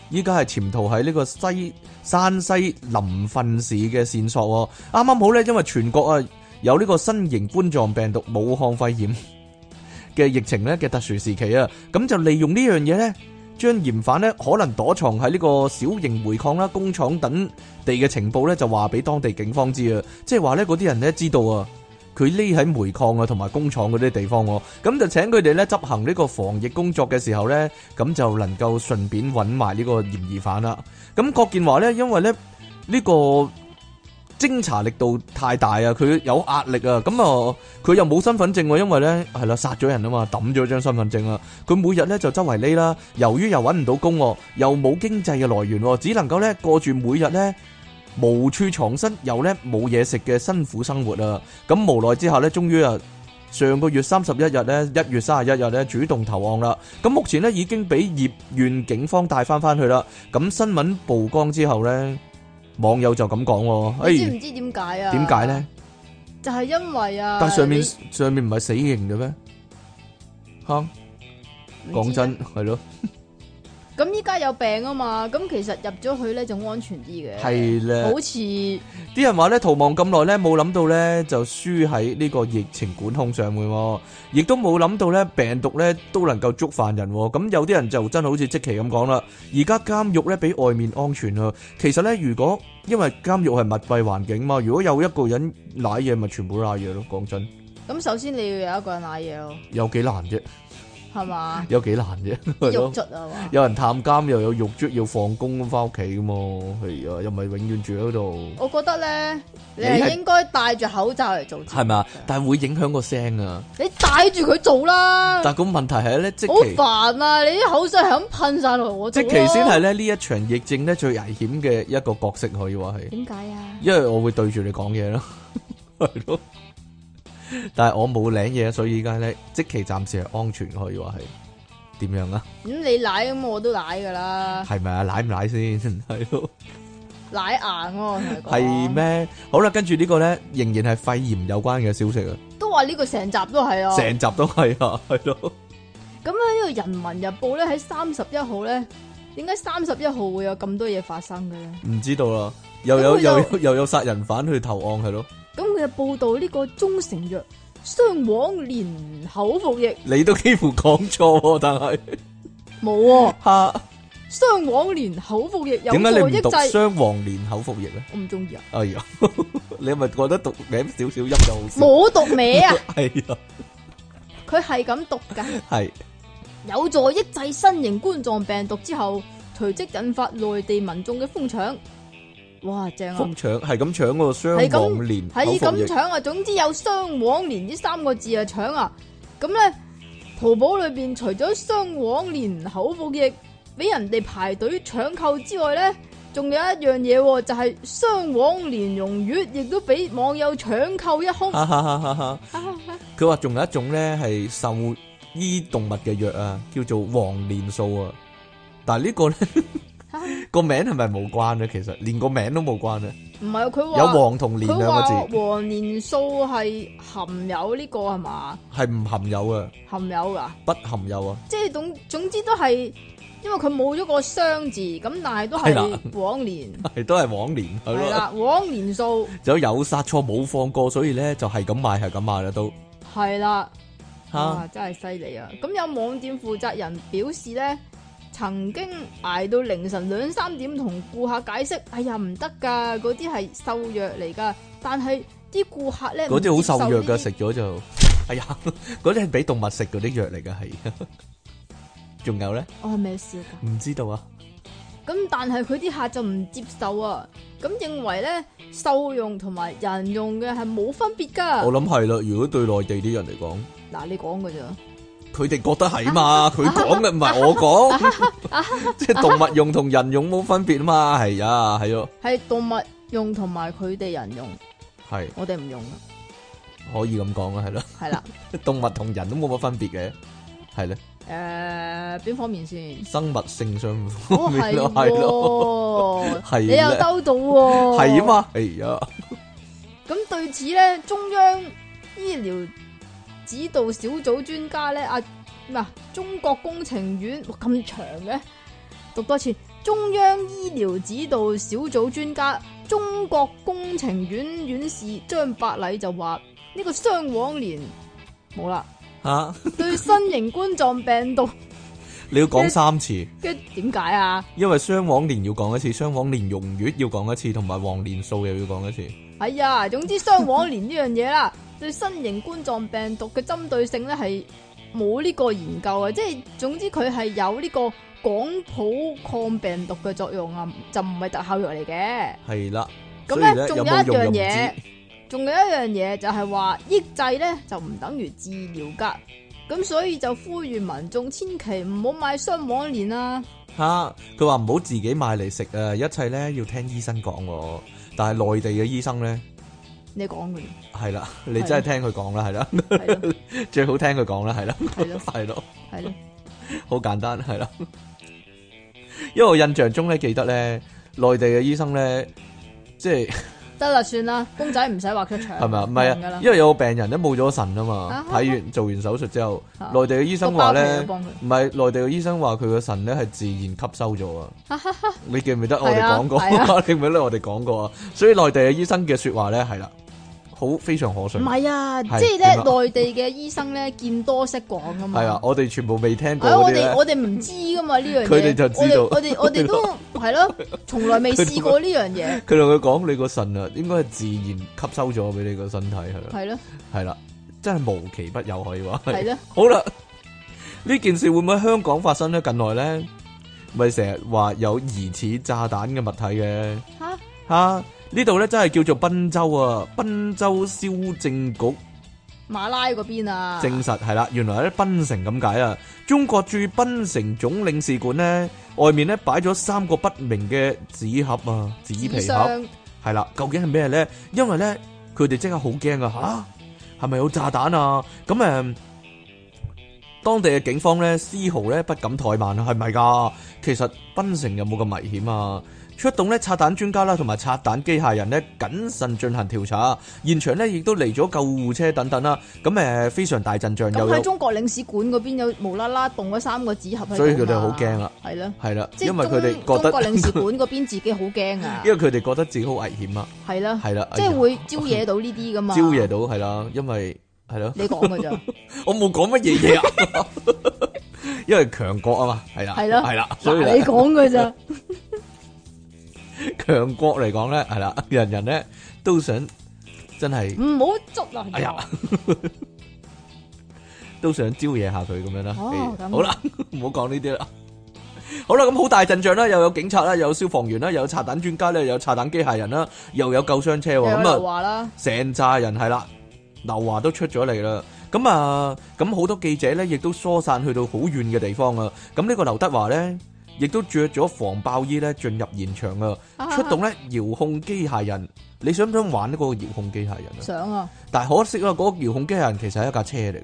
依家係潛逃喺呢個西山西臨汾市嘅線索。啱啱好咧，因為全國啊。有呢個新型冠狀病毒武漢肺炎嘅疫情咧嘅特殊時期啊，咁就利用呢樣嘢咧，將嫌犯咧可能躲藏喺呢個小型煤礦啦、工廠等地嘅情報咧，就話俾當地警方知啊，即係話咧嗰啲人咧知道啊，佢匿喺煤礦啊同埋工廠嗰啲地方喎，咁就請佢哋咧執行呢個防疫工作嘅時候咧，咁就能夠順便揾埋呢個嫌疑犯啦。咁郭建華咧，因為咧、咧、呢個。偵查力度太大啊！佢有壓力啊！咁啊，佢又冇身份證喎，因為呢係啦殺咗人啊嘛，抌咗張身份證啦。佢每日呢就周圍匿啦，由於又揾唔到工，又冇經濟嘅來源，只能夠呢過住每日呢無處藏身又呢冇嘢食嘅辛苦生活啊！咁無奈之下呢，終於啊上個月三十一日呢，一月三十一日呢主動投案啦！咁目前呢已經俾葉縣警方帶翻翻去啦。咁新聞曝光之後呢。網友就咁講，唔、欸、你知唔知點解啊？點解咧？就係因為啊，但係上面你上面唔係死刑嘅咩？哈？講真係咯。咁依家有病啊嘛，咁其實入咗去咧就安全啲嘅，係啦，好似啲人話咧逃亡咁耐咧，冇諗到咧就輸喺呢個疫情管控上嘅，亦都冇諗到咧病毒咧都能夠捉犯人，咁有啲人就真係好似積淇咁講啦，而家監獄咧比外面安全啊，其實咧如果因為監獄係密閉環境嘛，如果有一個人拉嘢咪全部拉嘢咯，講真。咁首先你要有一個人拉嘢咯。有幾難啫？係嘛？有幾難啫，獄卒啊！ *laughs* 吧有人探監，又有獄卒要放工咁返屋企噶嘛？係啊，又唔係永遠住喺度。我覺得咧，你係應該戴住口罩嚟做。係嘛是？吧但係會影響個聲啊，啊！你戴住佢做啦。但係個問題係咧，即好煩啊！你啲口水係咁噴晒落我。直情先係咧呢一場疫症咧最危險嘅一個角色可以話係。點解啊？因為我會對住你講嘢咯。係 *laughs* 咯。但係我冇領嘢，所以依家咧即期暫時係安全，可以話係點樣、嗯、啊？咁你奶咁我都奶噶啦，係咪啊？奶唔奶先？係咯，奶硬哦，係咩？好啦，跟住呢個咧，仍然係肺炎有關嘅消息啊！都話呢個成集都係啊，成集都係啊，係咯。咁喺呢個《人民日報》呢咧，喺三十一號咧，點解三十一號會有咁多嘢發生嘅咧？唔知道啦，又有又有又有殺人犯去投案，係咯。咁佢就報道呢個中成藥雙黃連口服液，你都幾乎講錯，但係冇啊，雙黃連口服液有助抑制。點解你唔讀雙黃連口服液咧？我唔中意啊！哎呀，你係咪覺得讀歪少少音就好？我讀歪啊！係啊，佢係咁讀噶，係有助抑制新型冠狀病毒之後，隨即引發內地民眾嘅瘋搶。哇，正啊！係咁搶嗰個雙黃連口服液，係咁搶啊！總之有雙黃連呢三個字啊，搶啊！咁咧，淘寶裏邊除咗雙黃連口服液俾人哋排隊搶購之外咧，仲有一樣嘢啊，就係雙黃連溶液，亦都俾網友搶購一空。佢話仲有一種咧，係獸醫動物嘅藥啊，叫做黃連素啊，但係呢個咧。個 *laughs* 名係咪冇關咧？其實連個名都冇關咧。唔係，佢話有黃同年兩個字。黃年數係含有呢、這個係嘛？係唔含有啊？含有噶？不含有啊？有有即係總總之都係，因為佢冇咗個雙字咁，但係都係往年，係了 *laughs* 都係往年係啦。往 *laughs* 年數就有殺錯冇放過，所以咧就係咁賣，係咁賣啦都。係啦，哇，真係犀利啊！咁有網店負責人表示咧，曾經挨到凌晨兩三點同顧客解釋，哎呀唔得噶，嗰啲係獸藥嚟噶。但係啲顧客咧，嗰啲好獸藥噶，食咗就，哎呀，嗰啲係俾動物食嗰啲藥嚟噶，係。仲有咧，我係咩事噶，唔知道啊。咁但係佢啲客就唔接受啊，咁認為咧獸用同埋人用嘅係冇分別噶。我諗係啦，如果對內地啲人嚟講，嗱，你講噶咋？佢哋覺得係嘛，佢講嘅唔係我講，即係動物用同人用冇分別嘛。係呀，係咯，係動物用同埋佢哋人用，係，我哋唔用啊，可以咁講啊，係咯，係啦，動物同人都冇乜分別嘅，係咧，誒，邊方面先？生物性上，哦係係咯，係，你又兜到，係啊嘛，係啊，咁對此咧，中央醫療指導小組專家咧，啊，嗱，中國工程院咁長嘅，讀多次中央醫療指導小組專家中國工程院院士張伯禮就話：呢、這個雙往年冇啦吓，啊、 *laughs* 對新型冠狀病毒，你要講三次，即點解啊？因為雙往年要講一次，雙往年溶液要講一次，同埋黃連素又要講一次。哎呀，總之雙往年呢樣嘢啦。 *laughs* 對新型冠狀病毒嘅針對性咧，係冇呢個研究嘅，即係總之佢係有呢個廣譜抗病毒嘅作用啊，就唔係特效藥嚟嘅。係啦，咁咧仲有一樣嘢，仲有，有，有一樣嘢就係話抑制咧就唔等於治療噶，咁所以就呼籲民眾千祈唔好買雙黃連啦。吓、啊，佢話唔好自己買嚟食啊，一切咧要聽醫生講。但係內地嘅醫生咧。你講佢係啦，你真係聽佢講啦，係啦，最好聽佢講啦，係啦，係咯，係咯，好簡單，係啦。因為我印象中咧，記得咧，內地嘅醫生咧，即係得啦，算啦，公仔唔使畫出牆，係咪啊？唔係，因為有個病人咧冇咗腎啊嘛，睇完做完手術之後，內地嘅醫生話咧，唔係內地嘅醫生話佢個腎咧係自然吸收咗啊。你記唔記得我哋講過？記唔記得我哋講過啊？所以內地嘅醫生嘅說話咧係啦。好非常可信，唔係啊！即係咧，內地嘅醫生咧見多識廣啊嘛。係啊，我哋全部未聽過。我哋我哋唔知噶嘛，呢樣嘢，佢哋就知道。我哋我哋都係咯，從來未試過呢樣嘢。佢同佢講：你個腎啊，應該係自然吸收咗俾你個身體，係咯。係咯，係啦，真係無奇不有可以話。係咯，好啦，呢件事會唔會喺香港發生咧？近耐咧，咪成日話有疑似炸彈嘅物體嘅吓吓。呢度咧真係叫做檳州，檳州啊，檳州消政局馬拉嗰邊啊。證實係啦，原來喺檳城咁解啊。中國駐檳城總領事館呢，外面咧擺咗三個不明嘅紙盒啊，紙皮盒係啦霜。究竟係咩咧？因為咧，佢哋即刻好驚啊，吓、啊，係咪有炸彈啊？咁誒、嗯，當地嘅警方咧，絲毫咧不敢怠慢啊，係咪噶？其實檳城有冇咁危險啊？出動咧拆彈專家啦，同埋拆彈機械人咧，謹慎進行調查。現場咧亦都嚟咗救護車等等啦。咁誒，非常大陣仗。咁喺中國領事館嗰邊有無啦啦動咗三個紙盒，所以佢哋好驚啊。係啦，係啦。即係因為佢哋覺得中國領事館嗰邊自己好驚啊。因為佢哋覺得自己好危險啊。係啦，係啦。即係會招惹到呢啲噶嘛？招惹到係啦，因為係咯。你講噶咋？我冇講乜嘢嘢啊。因為強國啊嘛，係啦，係啦。所以你講噶咋？強國嚟講咧，係啦，人人咧都想真係唔好捉、哎、呀， *laughs* 都想招惹下佢咁樣啦。好啦，唔好講呢啲啦。好啦，咁好大陣仗啦，又有警察啦，又有消防員啦，又有拆彈專家咧，又有拆彈機械人啦，又有救傷車喎。咁啊，劉華啦，成紮、嗯、人係啦，劉華都出咗嚟啦。咁啊，咁、嗯、好多記者咧，亦都疏散去到好遠嘅地方啊。咁呢個劉德華咧。亦都着咗防爆衣咧進入現場啊！出動咧遙控機械人，你想唔想玩呢個遙控機械人啊？想啊！但係可惜啊，嗰個遙控機械人其實係一架車嚟嘅。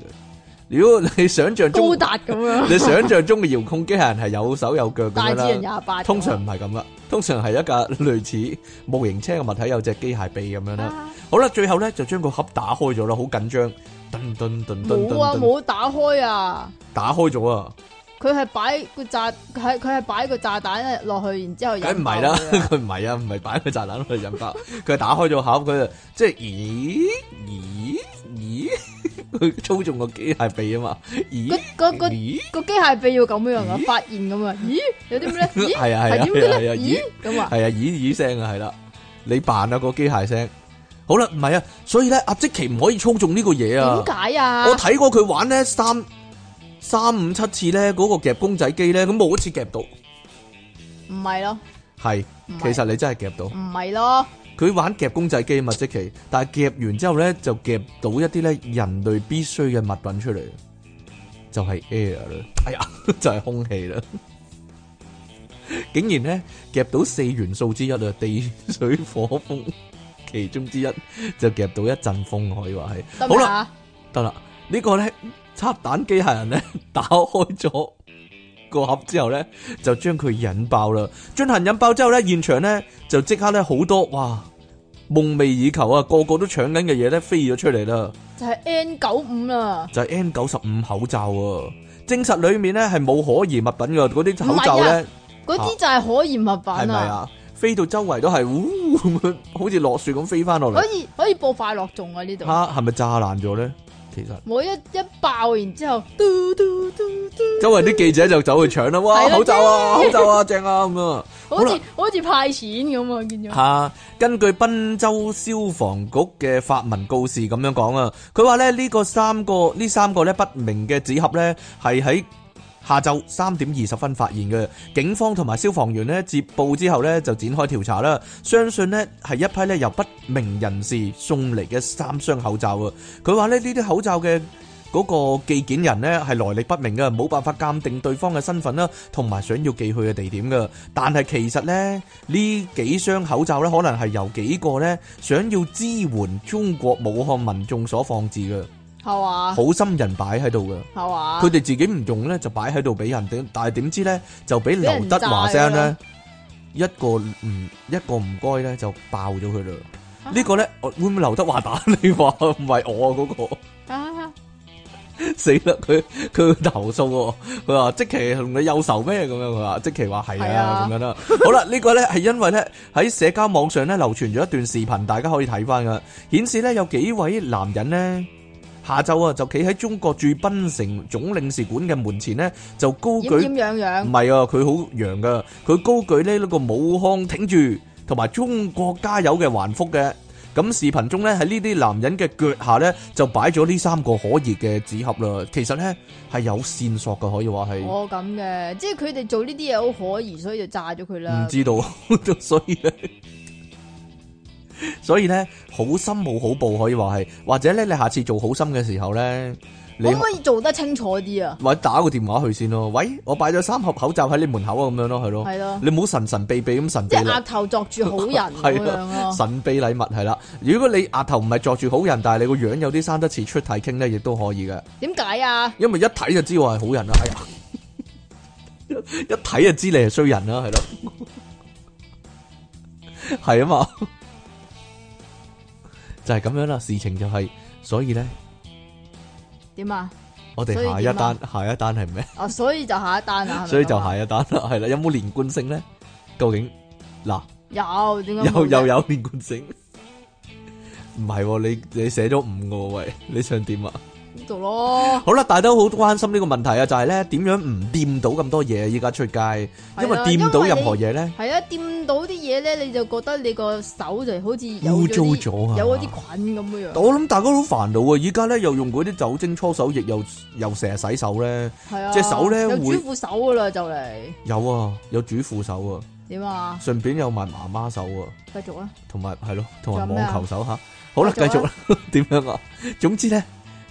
如果你想象中高達咁樣，你想象中嘅遙控機械人係有手有腳嘅。大智人廿八通常唔係咁啦，通常係一架類似模型車嘅物體，有隻機械臂咁樣啦。好啦，最後咧就將個盒打開咗啦，好緊張。冇啊！冇打開啊！打開咗啊！佢係擺個炸，佢係擺個炸彈落去，然之後引。佢唔係啦，佢唔係啊，唔係擺個炸彈落去引爆。佢係 *laughs* 打開咗口，佢就即係咦咦咦，佢操縱個機械臂啊嘛。咦？嗰嗰個機械臂要咁樣噶，發現咁啊？咦？有啲咩咧？係啊係啊咦？咁啊？係啊，咦咦聲啊，係啦。你扮啊個機械聲。好啦，唔係啊，所以咧阿積淇唔可以操縱呢個嘢啊。點解啊？我睇過佢玩呢三。嘅三五七次咧，嗰個夾公仔機咧，咁冇一次夾到，唔係咯，係，其實你真係夾到，唔係咯，佢玩夾公仔機，麥即奇，但係夾完之後咧就夾到一啲咧人類必需嘅物品出嚟，就係 Air 啦，哎呀，就係空氣啦，竟然咧夾到四元素之一啊，地水火風其中之一就夾到一陣風可以話係，好啦，得啦，呢個咧。拆彈機械人咧打開咗個盒之後咧，就將佢引爆啦。進行引爆之後咧，現場咧就即刻咧好多哇夢寐以求啊個個都搶緊嘅嘢咧飛咗出嚟啦。就係 N 九五啦，就係 N 九十五口罩啊！證實裏面咧係冇可疑物品嘅，嗰啲口罩咧，嗰啲、啊、就係可疑物品啊！啊係咪啊飛到周圍都係，嗚、哦， *laughs* 好似落雪咁飛翻落嚟。可以可以播快樂頌啊！啊是是呢度吓係咪炸爛咗咧？.其實每一一爆，完之後，周圍啲記者就走去搶啦！對哇，口罩啊， *laughs* 口罩啊，正啱啊，好似好似派錢咁啊，見咗。吓，根據賓州消防局嘅發文告示咁樣講啊，佢話咧呢、這個三個呢三個咧不明嘅紙盒咧係喺。下晝三點二十分發現嘅，警方同埋消防員咧接報之後呢就展開調查啦。相信呢係一批咧由不明人士送嚟嘅三雙口罩啊。佢話咧呢啲口罩嘅嗰個寄件人呢係來歷不明嘅，冇辦法鑑定對方嘅身份啦，同埋想要寄去嘅地點嘅。但係其實呢，呢幾雙口罩呢，可能係由幾個呢想要支援中國武漢民眾所放置嘅。係哇，好心人擺喺度嘅，係哇，佢哋自己唔用咧就擺喺度俾人點，但係點知咧就俾劉德華聲咧一個唔一個唔該咧就爆咗佢啦。啊、個呢個咧，會唔會劉德華打 *laughs* 你話唔係我嗰個啊，那個、啊 *laughs* 死啦！佢佢投訴喎，佢話積淇同你有仇咩？咁樣佢話積淇話係啊，咁、啊、樣啦。 *laughs* 好啦，這個、呢個咧係因為咧喺社交網上咧流傳咗一段視頻，大家可以睇翻噶，顯示咧有幾位男人咧。下晝啊，就企喺中國駐檳城總領事館嘅門前咧，就高舉點樣樣？唔係啊，佢好揚噶，佢高舉咧呢個武漢挺住同埋中國加油嘅橫幅嘅。咁視頻中咧喺呢啲男人嘅腳下咧就擺咗呢三個可疑嘅紙盒啦。其實咧係有線索嘅，可以話係。哦，咁嘅，即係佢哋做呢啲嘢好可疑，所以就炸咗佢啦。唔知道，所以咧。所以咧，好心冇好報，可以話係，或者咧，你下次做好心嘅時候咧，你可唔可，可以做得清楚啲啊？或者打個電話去先咯。喂，我擺咗三盒口罩喺你門口啊，咁樣咯，係咯，係咯的。你唔好神神秘秘咁神秘，即係額頭作住好人， *laughs* 係神秘禮物係啦。如果你額頭唔係作住好人，但係你個樣有啲生得似出體 king 咧，亦都可以嘅。點解啊？因為一睇就知道我係好人啦。哎呀， *laughs* 一睇就知你係衰人啦，係咯，係啊嘛。 *laughs* *laughs* 是的 *laughs* 就係咁樣啦，事情就係，所以咧點啊？我哋下一單，下一單係咩？哦，所以就下一單啦，所以就下一單啦，係啦，有冇連貫性咧？究竟嗱，有點解又又有連貫性？唔係，你你寫咗五個位，你想點啊？呢度咯，好啦，大家都好關心呢個問題啊，就係咧點樣唔掂到咁多嘢依家出街，因為掂到任何嘢咧，係啊，掂到啲嘢咧，你就覺得你個手就好似有污糟咗啊，有嗰啲菌咁樣。我諗大家都好煩惱啊，依家咧又用嗰啲酒精搓手液，又又成日洗手咧，係啊，即係手咧有主婦手噶啦，就嚟有啊，有主婦手啊，點啊？順便有埋媽媽手啊，繼續啊，同埋係咯，同埋網球手吓，好啦，繼續啦點樣啊？總之咧。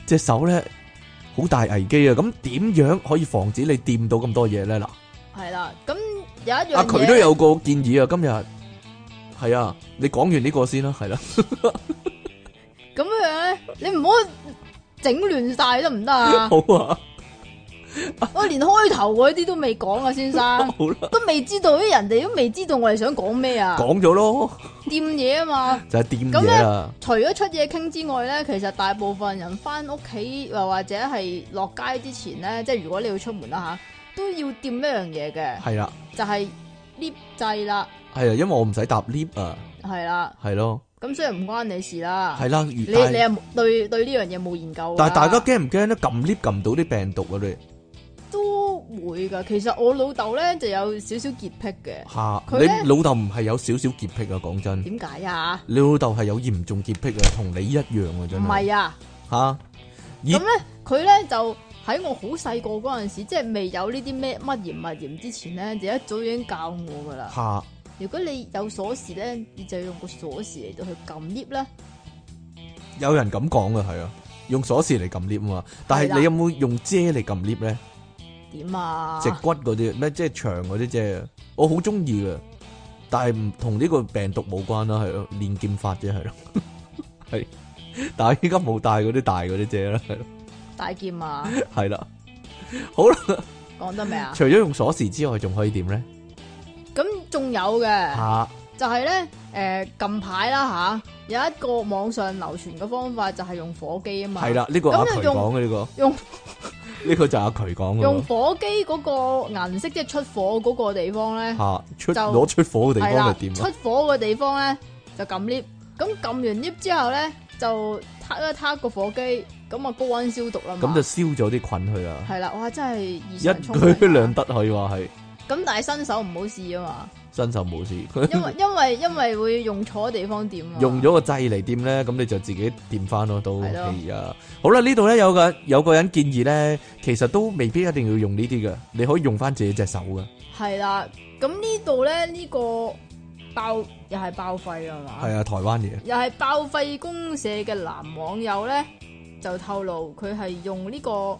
隻手咧好大危機啊！咁點樣可以防止你掂到咁多嘢咧？嗱，係啦，咁有一樣，啊，阿佢都有個建議啊！今日係 *laughs* 啊，你講完呢個先啦，係啦，咁樣咧，你唔好整亂晒，得唔得啊？好啊！我 *laughs* 連開頭嗰啲都未講啊，先生， *laughs* 好吧 都未知道啲人哋都未知道我哋想講咩啊？講咗咯，掂嘢啊嘛， *laughs* 就係掂嘢啊！除咗出嘢傾之外咧，其實大部分人翻屋企又或者係落街之前咧，即係如果你要出門啦吓，都要掂一樣嘢嘅。係啦的，就係 lift 掣啦。係啊，因為我唔使搭 lift 啊。係啦的，係咯的。咁雖然唔關你事啦。係啦，你你又對對呢樣嘢冇研究。但係大家驚唔驚咧？撳 lift 撳到啲病毒啊？你？ *laughs* 都會噶，其實我老豆咧就有少少潔癖嘅。吓，你老豆唔係有少少潔癖啊？講真，點解啊？你老豆係有嚴重潔癖啊，同你一樣啊，真係唔係啊？吓，咁咧佢咧就喺我好細個嗰陣時，即係未有呢啲咩乜炎物炎之前咧，就一早已經教我噶啦。吓，如果你有鎖匙咧，你就用個鎖匙嚟到去撳 lift 啦。有人咁講噶係啊，用鎖匙嚟撳 lift 啊嘛，但係你有冇用遮嚟撳 lift 咧？點啊？直骨嗰啲咩，即係長嗰啲啫。我好中意噶，但係唔同呢個病毒冇關啦，係咯練劍法啫，係咯係。但係依家冇帶嗰啲大嗰啲啫啦，係咯大劍啊，係啦，好啦，講得未啊？除咗用鎖匙之外，仲可以點咧？咁仲有嘅，啊、就係咧，誒、呃，近排啦吓，有一個網上流傳嘅方法就係用火機啊嘛。係啦，呢、這個講呢個用。用 *laughs* 呢個就阿渠講嘅，用火機嗰個顏色即係出火嗰個地方咧，就攞出火嘅地方就點？出火嘅地方咧就撳 lift，咁撳完 lift 之後咧就撻一撻個火機，咁啊高溫消毒啦嘛，咁就燒咗啲菌去啦。係啦，哇真係一舉兩得，可以話係。咁但係新手唔好試啊嘛。身手冇事 *laughs* 因，因為因為因為會用錯地方掂，啊，用咗個掣嚟掂咧，咁你就自己掂翻咯，都 OK 啊。的好啦，呢度咧有個有個人建議咧，其實都未必一定要用呢啲㗎，你可以用翻自己隻手㗎。係啦，咁呢度咧呢個爆又係爆廢啊嘛，係啊，台灣嘢又係爆廢公社嘅男網友咧就透露佢係用呢個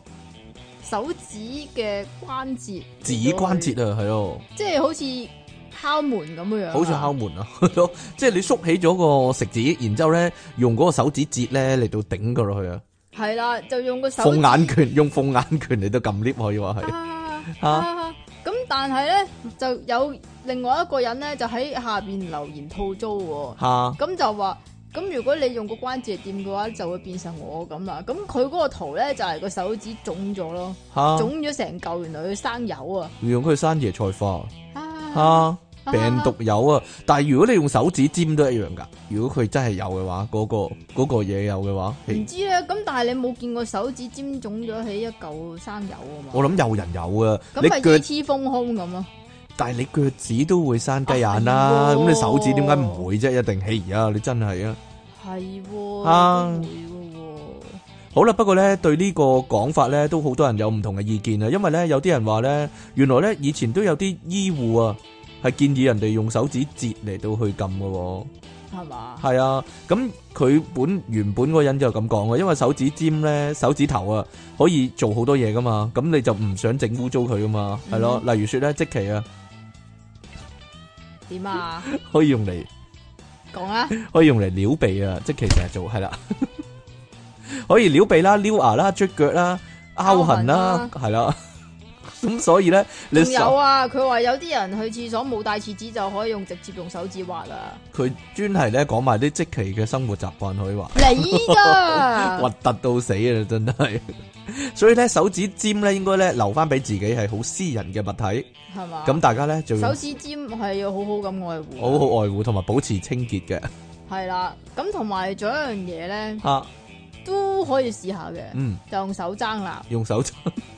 手指嘅關節，指關節啊，係哦，即係好似。敲門咁嘅樣，好似敲門啊！ *laughs* 即係你縮起咗個食指，然之後咧用嗰個手指折咧嚟到頂佢落去啊！係啦，就用個手，眼拳，用鳳眼拳嚟到撳 lift 可以話係。咁但係咧就有另外一個人咧就喺下邊留言吐槽喎、喔、吓，咁、啊、就話咁如果你用個關節掂嘅話就會變成我咁啦。咁佢嗰個圖咧就係個手指腫咗咯吓，腫咗成嚿，原來佢生油啊！用佢生椰菜花吓。啊病毒有啊，但係如果你用手指尖都一樣噶。如果佢真係有嘅話，嗰、嗰個、嗰個嘢有嘅話，唔知咧、啊。咁但係你冇見過手指尖腫咗起一嚿生有啊嘛？我諗有人有啊。咁咪係黐蜂胸咁咯。但係你腳趾都會生雞眼啦、啊。咁、哎、呦你手指點解唔會啫？一定係而家你真係啊。係喎、哎呦，嗯、會、啊、好啦，不過咧對呢個講法咧，都好多人有唔同嘅意見啊。因為咧有啲人話咧，原來咧以前都有啲醫護啊。係建議人哋用手指折嚟到去撳嘅、哦，係嘛吧？係啊，咁佢本原本嗰人就咁講嘅，因為手指尖咧，手指頭啊，可以做好多嘢噶嘛，咁你就唔想整污糟佢噶嘛，係咯、嗯哼啊？例如說咧，即其啊，點啊？ *laughs* 可以用嚟講啊？吧 *laughs* 可以用嚟撩鼻啊，即其成日做係啦，啊、 *laughs* 可以撩鼻啦、撩牙啦、捽腳啦、拗痕啦，係啦、啊。 *laughs* 咁所以咧，仲有啊！佢話手有啲人去廁所冇帶廁紙就可以用，直接用手指畫啦。佢專係咧講埋啲積淇嘅生活習慣去話。 *laughs* 你噶核突到死啊！真係。 *laughs* 所以咧，手指尖咧應該咧留翻俾自己係好私人嘅物體，係嘛吧？咁大家咧，就手指尖係要好好咁愛護，好好愛護同埋保持清潔嘅。係 *laughs* 啦，咁同埋仲有一樣嘢咧。吓？都可以試下嘅，嗯，就用手踭啦，用手踭，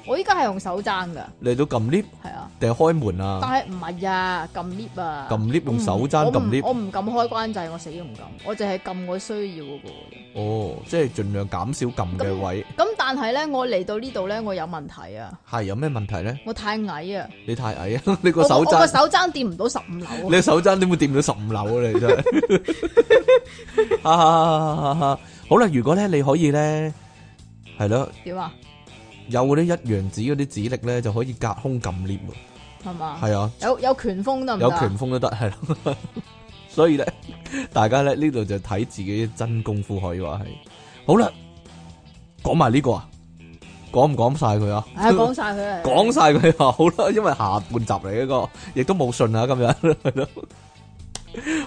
我依家係用手踭噶，嚟到撳 lift，係啊，定係開門啊？但係唔係啊，撳 lift 啊，撳 lift 用手踭撳 lift，我唔撳開關掣，我死都唔敢。我淨係撳我需要嗰個。哦，即係盡量減少撳嘅位。咁但係咧，我嚟到呢度咧，我有問題啊。係有咩問題咧？我太矮啊！你太矮啊！你個手你個手踭掂唔到十五樓，你個手踭點會掂到十五樓啊？你真係，哈哈哈！好啦，如果咧你可以咧，係咯，點啊？有嗰啲一陽指嗰啲指力咧，就可以隔空擒獵喎，係嘛吧？係啊，有有拳風都唔得，有拳風都得，係啦。 *laughs* 所以咧，大家咧呢度就睇自己真功夫，可以話係。好啦，講埋呢個啊，講唔講晒佢啊？係啊、哎，講晒佢啊，講晒佢啊。 *laughs* 好啦，因為下半集嚟嗰個，亦都冇信啊，今日係咯。啦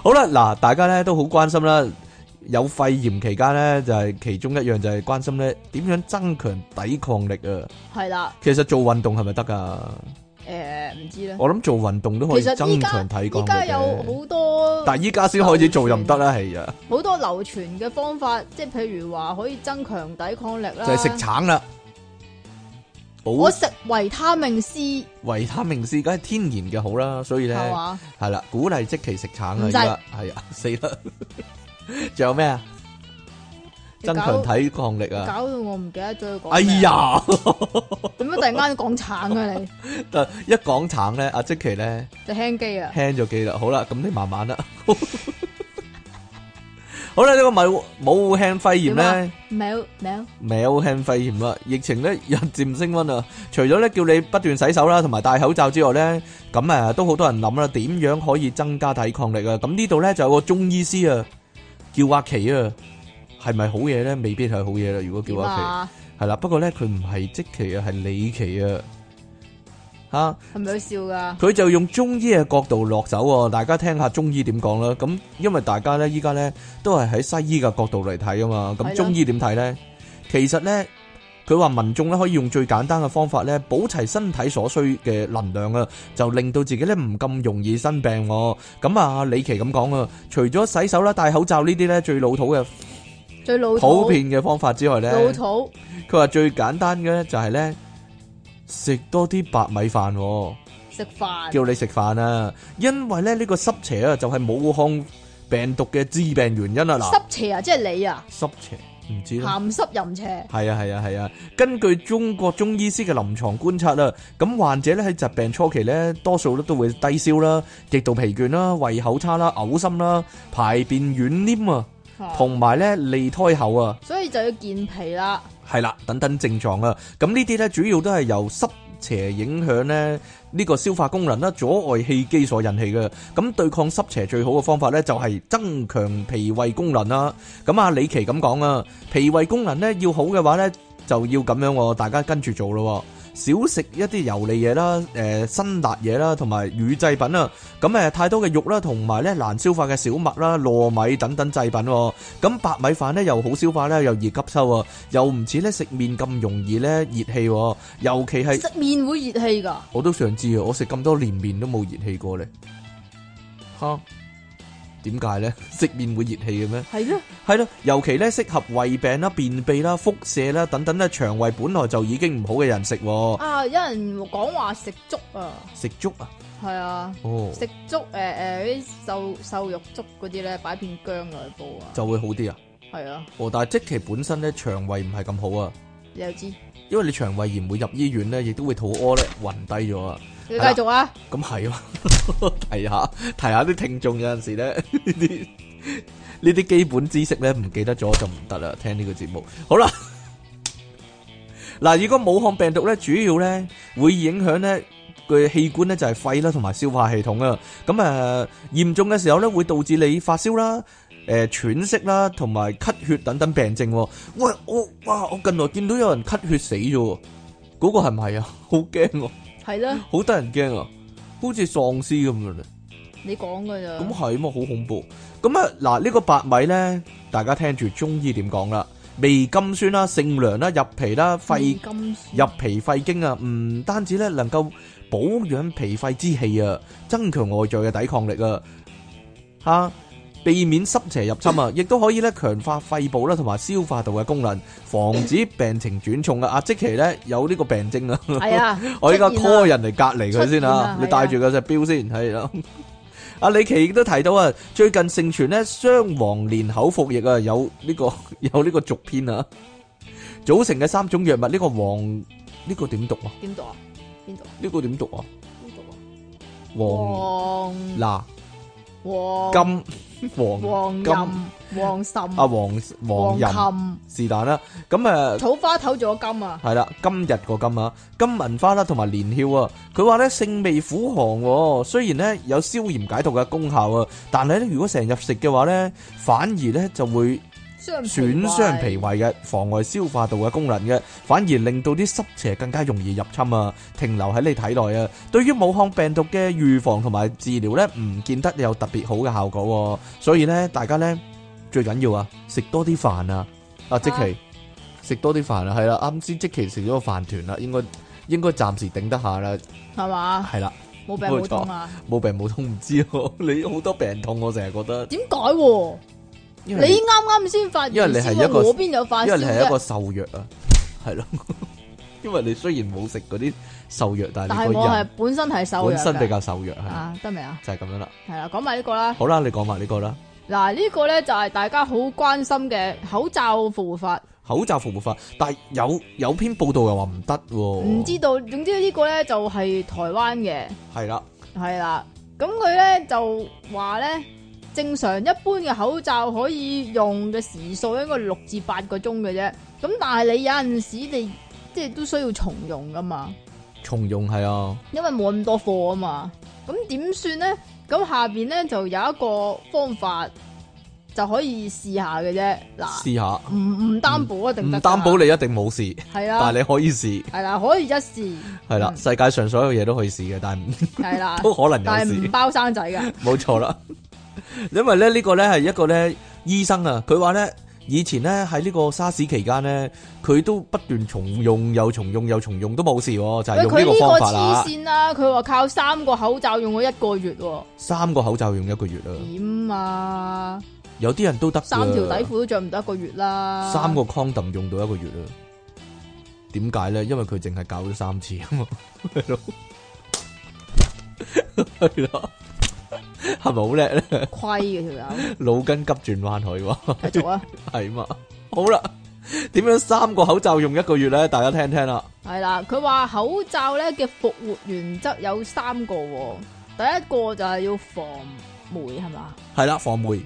*laughs* 好啦，嗱，大家咧都好關心啦、啊。有肺炎期間咧，就係、是、其中一樣就係關心咧，點樣增強抵抗力啊？係啦的，其實做運動係咪得噶？誒、呃，唔知咧。我諗做運動都可以增強抵抗力。依家有好多，但係依家先開始做又唔得啦，係啊。好多流傳嘅方法，即係譬如話可以增強抵抗力啦，就係食橙啦。我食維他命 C，維他命 C 梗係天然嘅好啦，所以咧係啦，鼓勵積淇食橙啊，而家係啊，死啦。 *laughs* 仲有咩啊？增強抵抗力啊！搞到我唔記得咗。哎呀，點解突然間講橙啊你？一講橙咧，阿積淇咧就輕機啊，輕咗機啦。好啦，咁你慢慢啦。好啦，呢個咪冇輕肺炎咧，冇冇冇輕肺炎啦。疫情咧日漸升溫啊，除咗咧叫你不斷洗手啦，同埋戴口罩之外咧，咁誒都好多人諗啦，點樣可以增加抵抗力啊？咁呢度咧就有個中醫師啊。叫阿奇啊，係咪好嘢咧？未必係好嘢啦。如果叫阿奇，係啦、啊。不過咧，佢唔係積淇啊，係李奇啊。吓，係咪好笑噶？佢就用中醫嘅角度落手，大家聽下中醫點講啦。咁因為大家咧，依家咧都係喺西醫嘅角度嚟睇啊嘛。咁中醫點睇咧？的其實咧。佢話民眾咧可以用最簡單嘅方法咧，保齊身體所需嘅能量啊，就令到自己咧唔咁容易生病。咁啊，李琦咁講啊，除咗洗手啦、戴口罩呢啲咧最老土嘅、最老普遍嘅方法之外咧，老土。佢話最簡單嘅就係咧，食多啲白米飯。食飯，叫你食飯啊！因為咧呢個濕邪啊，就係武漢病毒嘅致病原因啊！嗱，濕邪啊，即係你啊，濕邪。唔知咸濕淫邪係啊係啊係啊，根據中國中醫師嘅臨床觀察啦，咁患者咧喺疾病初期咧，多數咧都會低燒啦，極度疲倦啦，胃口差啦，嘔心啦，排便軟黏啊，同埋咧脷苔厚啊，所以就要健脾啦，係啦，等等症狀啊，咁呢啲咧主要都係由濕邪影響咧。呢個消化功能啦，阻礙氣機所引起嘅，咁對抗濕邪最好嘅方法呢，就係增強脾胃功能啦。咁啊，李奇咁講啊，脾胃功能呢要好嘅話呢，就要咁樣，大家跟住做咯。少食一啲油膩嘢啦，誒辛辣嘢啦，同埋乳製品啊。咁誒太多嘅肉啦，同埋咧難消化嘅小麥啦、糯米等等製品。咁白米飯咧又好消化咧，又易吸收，又唔似咧食麵咁容易咧熱氣。尤其係食麵會熱氣㗎。我都想知啊，我食咁多年麵都冇熱氣過嚟。嚇！點解咧食麵會熱氣嘅咩？係咯的，係咯，尤其咧適合胃病啦、便秘啦、腹瀉啦等等咧，腸胃本來就已經唔好嘅人食喎。啊，有人講話食粥啊，食粥啊，係啊的，哦、食粥誒誒啲瘦瘦肉粥嗰啲咧，擺片薑落去煲啊，就會好啲啊。係啊的，哦，但係即其本身咧腸胃唔係咁好啊，你又知？因為你腸胃炎會入醫院咧，亦都會肚屙咧，暈低咗啊。你繼續啊！咁係啊，提下提下啲聽眾有陣時咧呢啲呢啲基本知識咧唔記得咗就唔得啦。聽呢個節目好啦，嗱，如果武漢病毒咧，主要咧會影響咧佢器官咧就係肺啦同埋消化系統啊。咁誒嚴重嘅時候咧會導致你發燒啦、誒喘息啦同埋咳血等等病症。喂，我哇我近來見到有人咳血死咗，嗰個係唔係啊？好驚喎。係啦，好得人驚啊，好似喪屍咁樣咧。你講噶咋？咁係咁啊，好恐怖。咁啊，嗱呢個白米呢，大家聽住中醫點講啦。味甘酸啦，性涼啦，入脾啦，肺入脾肺經啊，唔單止呢能夠保養脾肺之氣啊，增強外在嘅抵抗力啊，吓。避免濕邪入侵啊，亦都可以咧強化肺部啦同埋消化道嘅功能，防止病情轉重啊！阿積淇咧有呢個病症啊，我依家 call 人嚟隔離佢先啊，你帶住嗰隻錶先，係啦。阿李奇亦都提到啊，最近盛傳咧雙黃連口服液啊，有呢個有呢個續篇啊，組成嘅三種藥物，呢個黃呢個點讀啊？邊度啊？邊度？呢個點讀啊？邊度啊？黃嗱黃金。黃金黃芩，阿黃黃芩是但啦。咁誒，草花頭咗金啊，係啦，今日個金啊，金銀花啦，同埋連翹啊。佢話咧，性味苦寒，雖然咧有消炎解毒嘅功效啊，但係咧，如果成日食嘅話咧，反而咧就會。損傷脾胃嘅，妨礙消化道嘅功能嘅，反而令到啲濕邪更加容易入侵啊，停留喺你體內啊。對於武漢病毒嘅預防同埋治療咧，唔見得有特別好嘅效果。所以咧，大家咧最緊要啊，食多啲飯啊，阿積淇食多啲飯啊，係啦，啱先積淇食咗個飯糰啦，應該應該暫時頂得下啦，係嘛？係啦，冇病冇痛啊，冇病冇痛唔知哦，你好多病痛，我成日覺得點解？你啱啱先發，因為你係一個，我邊有發，因為你係一個瘦弱啊，係咯， *laughs* 因為你雖然冇食嗰啲瘦弱，但係我係本身係瘦弱，本身比較瘦弱係啊，得未啊？就係咁樣啦，係啦，講埋呢個啦，好啦，你講埋呢個啦。嗱，呢個咧就係大家好關心嘅口罩復活法。口罩復活法，但係有有篇報道又話唔得喎，唔知道，總之呢個咧就係台灣嘅，係啦了，係啦，咁佢咧就話咧。正常一般嘅口罩可以用嘅時數應該六至八個鐘嘅啫，咁但係你有陣時你即係都需要重用噶嘛？重用係啊，因為冇咁多貨啊嘛。咁點算咧？咁下邊咧就有一個方法就可以試下嘅啫。嗱，試一下，唔唔擔保一定唔擔保你一定冇事係啦， *laughs* 是啊、但係你可以試係啦，可以一試係啦。世界上所有嘢都可以試嘅，但係係啦， *laughs* 都可能有事，但係唔包生仔嘅，冇錯啦。因為咧呢個咧係一個咧醫生啊，佢話咧以前咧喺呢個沙士期間咧，佢都不斷重用又重用又重用,又重用都冇事，就係、是、用呢個方法啦。黐線啦，佢話靠三個口罩用咗一個月，三個口罩用一個月啊？點啊？有啲人都得三條底褲都着唔到一個月啦。三個 condom 用到一個月啊。點解咧？因為佢淨係搞咗三次啊嘛。係 *laughs* 咯對了。 *laughs* 係咪好叻咧？虧嘅條友，腦筋 *laughs* 急轉彎可喎。繼 *laughs* 續啊，係嘛？ *laughs* 好啦，點樣三個口罩用一個月咧？大家聽聽啦。係啦，佢話口罩咧嘅復活原則有三個，第一個就係要防霉，係嘛？係啦，防霉。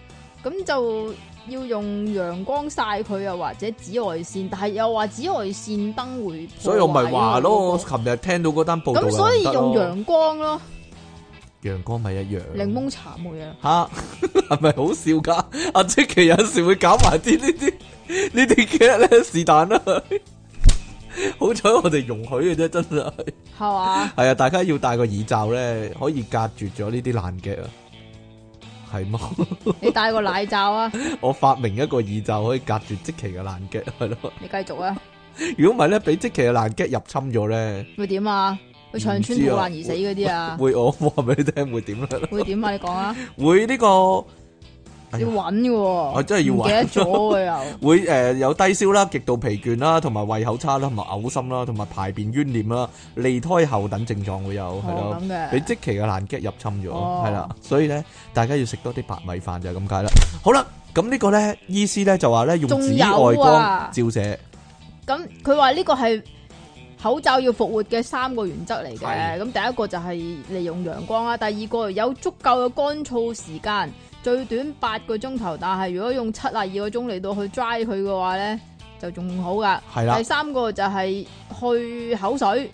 咁就要用陽光曬佢，又或者紫外線。但係又話紫外線燈會，所以我咪話咯。個個我琴日聽到嗰單報道，咁所以用陽光咯。陽光咪一樣，檸檬茶冇嘢啦。吓，係咪、啊、 *laughs* 好笑噶？阿積淇有時會搞埋啲呢啲呢啲嘅咧，是但啦。好彩我哋容許嘅啫，真係係嘛？係啊，大家要戴個耳罩咧，可以隔住咗呢啲爛劇啊。係冇？你戴個奶罩啊！ *laughs* 我發明一個耳罩可以隔住積淇嘅爛劇，係咯。你繼續 *laughs* 啊！如果唔係咧，俾積淇嘅爛劇入侵咗咧，會點啊？會長穿肚患而死嗰啲啊？會，我話俾你聽會點咧？會點啊？你講啊？會呢個要穩嘅，我真係要穩。唔記得咗會誒、呃、有低燒啦、極度疲倦啦、同埋胃口差啦、同埋嘔心啦、同埋排便淤黏啦、離胎後等症狀會有係咯，俾積期嘅難 g 入侵咗，係啦、哦，所以咧大家要食多啲白米飯就係咁解啦。嗯、好啦，咁呢個咧醫師咧就話咧用紫外光照射，咁佢話呢個係。口罩要復活嘅三個原則嚟嘅，咁是的 第一個就係利用陽光啦，第二個有足夠嘅乾燥時間，最短八個鐘頭，但係如果用七十二個鐘嚟到去 dry 佢嘅話咧，就仲好噶。係啦，第三個就係去口水，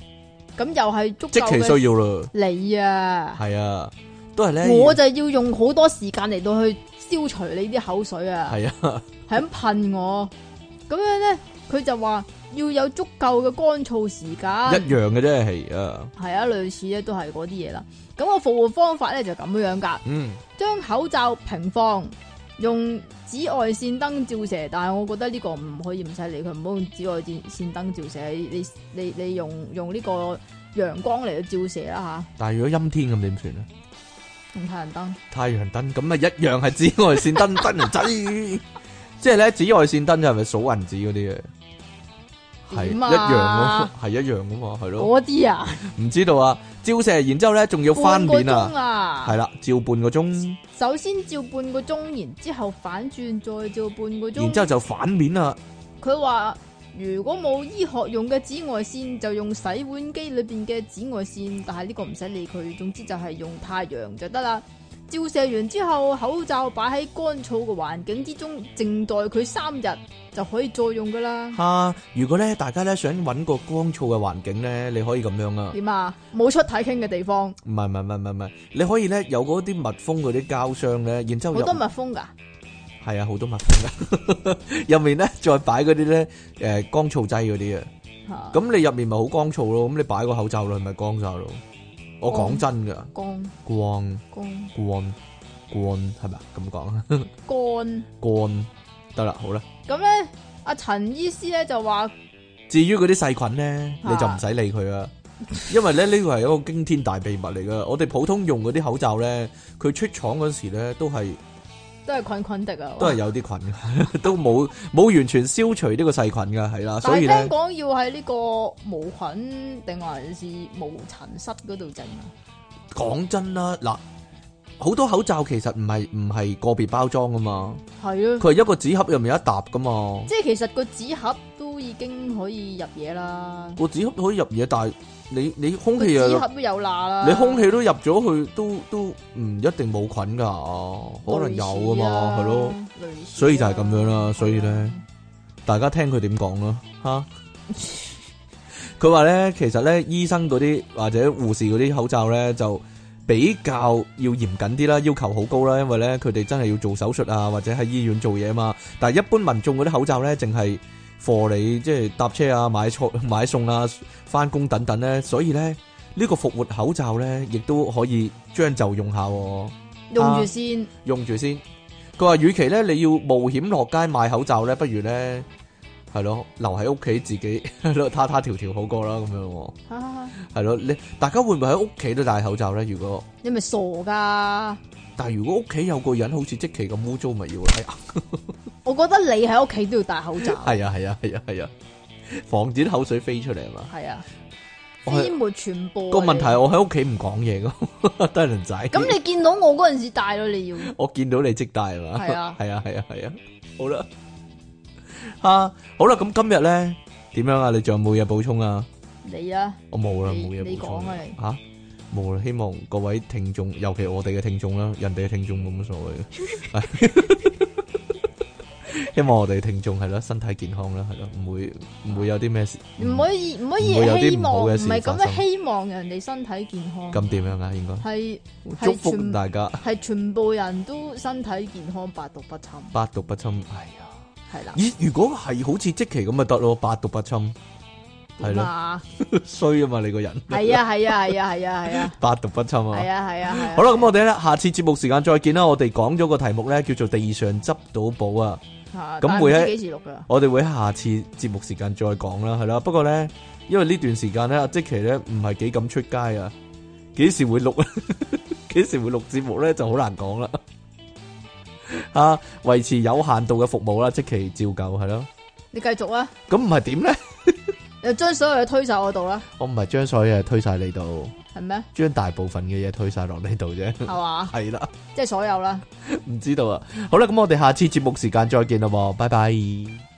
咁又係足夠。即其需要咯，你啊，係啊，都係咧，我就要用好多時間嚟到去消除你啲口水啊。係啊是的，係 *laughs* 咁噴我，咁樣咧，佢就話。要有足夠嘅乾燥時間，一樣嘅啫。係啊，係啊，類似咧都係嗰啲嘢啦。咁我服務方法咧就咁樣噶，嗯，將口罩平放，用紫外綫燈照射。但係我覺得呢個唔可以唔使理佢，唔好用紫外綫綫燈照射，你你你用用呢個陽光嚟到照射啦吓。但係如果陰天咁點算咧？用太陽燈，太陽燈咁啊，一樣係紫外綫燈燈仔，即係咧紫外綫燈就係咪數銀紙嗰啲嘅？係一樣咯，係、啊、一樣噶嘛，係咯。嗰啲啊？唔 *laughs* 知道啊，照射，然之後咧，仲要翻面啊，係啦、啊，照半個鐘。首先照半個鐘，然之後反轉再照半個鐘，然之後就翻面啦、啊。佢話如果冇醫學用嘅紫外線，就用洗碗機裏邊嘅紫外線，但係呢個唔使理佢，總之就係用太陽就得啦。照射完之後，口罩擺喺乾燥嘅環境之中，靜待佢三日就可以再用噶啦。啊，如果咧大家咧想搵個乾燥嘅環境咧，你可以咁樣啊。點啊？冇出體傾嘅地方。唔係唔係唔係唔係，你可以咧有嗰啲密封嗰啲膠箱咧，然之後好多密封噶。係啊，好多密封噶。入 *laughs* 面咧再擺嗰啲咧，誒、呃，乾燥劑嗰啲啊。咁你入面咪好乾燥咯？咁你擺個口罩落去咪乾燥咯？我講真噶，乾乾乾乾，係咪咁講啊，乾乾得啦，好啦。咁咧，阿陳醫師咧就話，至於嗰啲細菌咧，你就唔使理佢啊。因為咧呢個係 *laughs* 一個驚天大秘密嚟噶，我哋普通用嗰啲口罩咧，佢出廠嗰時咧都係。都係菌菌的啊！哇都係有啲菌， *laughs* 都冇冇完全消除呢個細菌噶，係啦。所以聽講要喺呢個無菌定還是無塵室嗰度整。啊？講真啦，嗱，好多口罩其實唔係唔係個別包裝噶嘛。係咯的，佢係一個紙盒入面一沓噶嘛。即係其實個紙盒都已經可以入嘢啦。個紙盒可以入嘢，但係。你你空氣啊都有啦，你空氣都入咗去，都都唔一定冇菌噶，可能有啊嘛，係咯，所以就係咁樣啦。所以咧，大家聽佢點講咯，嚇。佢話咧，其實咧，醫生嗰啲或者護士嗰啲口罩咧，就比較要嚴謹啲啦，要求好高啦，因為咧佢哋真係要做手術啊，或者喺醫院做嘢啊嘛。但係一般民眾嗰啲口罩咧，淨係。貨你即係搭車啊、買菜、買餸啊、返工等等咧，所以咧呢個復活口罩咧，亦都可以將就用下，用住先，用住先。佢話與其咧你要冒險落街買口罩咧，不如咧。係咯，留喺屋企自己攞攤攤條條好過啦，咁、嗯、樣。係咯， *laughs* 你大家會唔會喺屋企都戴口罩咧？如果你咪傻噶。但係如果屋企有個人好似積淇咁污糟，咪要啦。哎、 *laughs* 我覺得你喺屋企都要戴口罩。係 *laughs* 啊係啊係啊係啊，防止口水飛出嚟啊嘛。係啊，飛沫傳播。個問題係我喺屋企唔講嘢噶， *laughs* 都係輪仔。咁你見到我嗰陣時戴咯，你要。 *laughs* 我見到你即戴係嘛？係啊係啊係啊係啊， *laughs* 啊啊 *laughs* 是啊 *laughs* 好啦。吓、啊、好啦，咁今日咧點樣啊？你仲有冇嘢補充啊？你啊，我冇啦，冇嘢補充你。吓冇啦，希望各位聽眾，尤其我哋嘅聽眾啦，人哋嘅聽眾冇乜所謂嘅。 *laughs* *laughs* 希望我哋嘅聽眾係咯，身體健康啦，係咯，唔會唔會有啲咩事，唔可以唔可以有啲唔好嘅事。唔係咁樣，希望人哋身體健康。咁點樣，樣啊？應該係是祝福大家，係全，全部人都身體健康，百毒不侵，百毒不侵。哎呀～咦？如果係好似積淇咁咪得咯，百毒不侵，係咯、啊，了 *laughs* 衰啊嘛！你個人係啊，係啊，係啊，係啊，係啊，百毒不侵啊！係啊，係啊，好啦，咁、啊、我哋咧，下次節目時間再見啦。我哋講咗個題目咧，叫做地上執到寶啊。咁但 會喺幾時錄噶？我哋會喺下次節目時間再講啦，係啦、啊。不過咧，因為呢段時間咧，阿積淇咧唔係幾敢出街啊，幾時會錄？幾時會錄節目咧，就好難講啦。啊！維持有限度嘅服務啦，即期照舊係咯。你繼續啦。咁唔係點咧？ *laughs* 你將所有嘢推晒我度啦。我唔係將所有嘢推晒你度，係咩嗎？將大部分嘅嘢推晒落你度啫。係嘛吧？係啦 *laughs* 了，即係所有啦。唔 *laughs* 知道啊。好啦，咁我哋下次節目時間再見啦，拜拜。Bye bye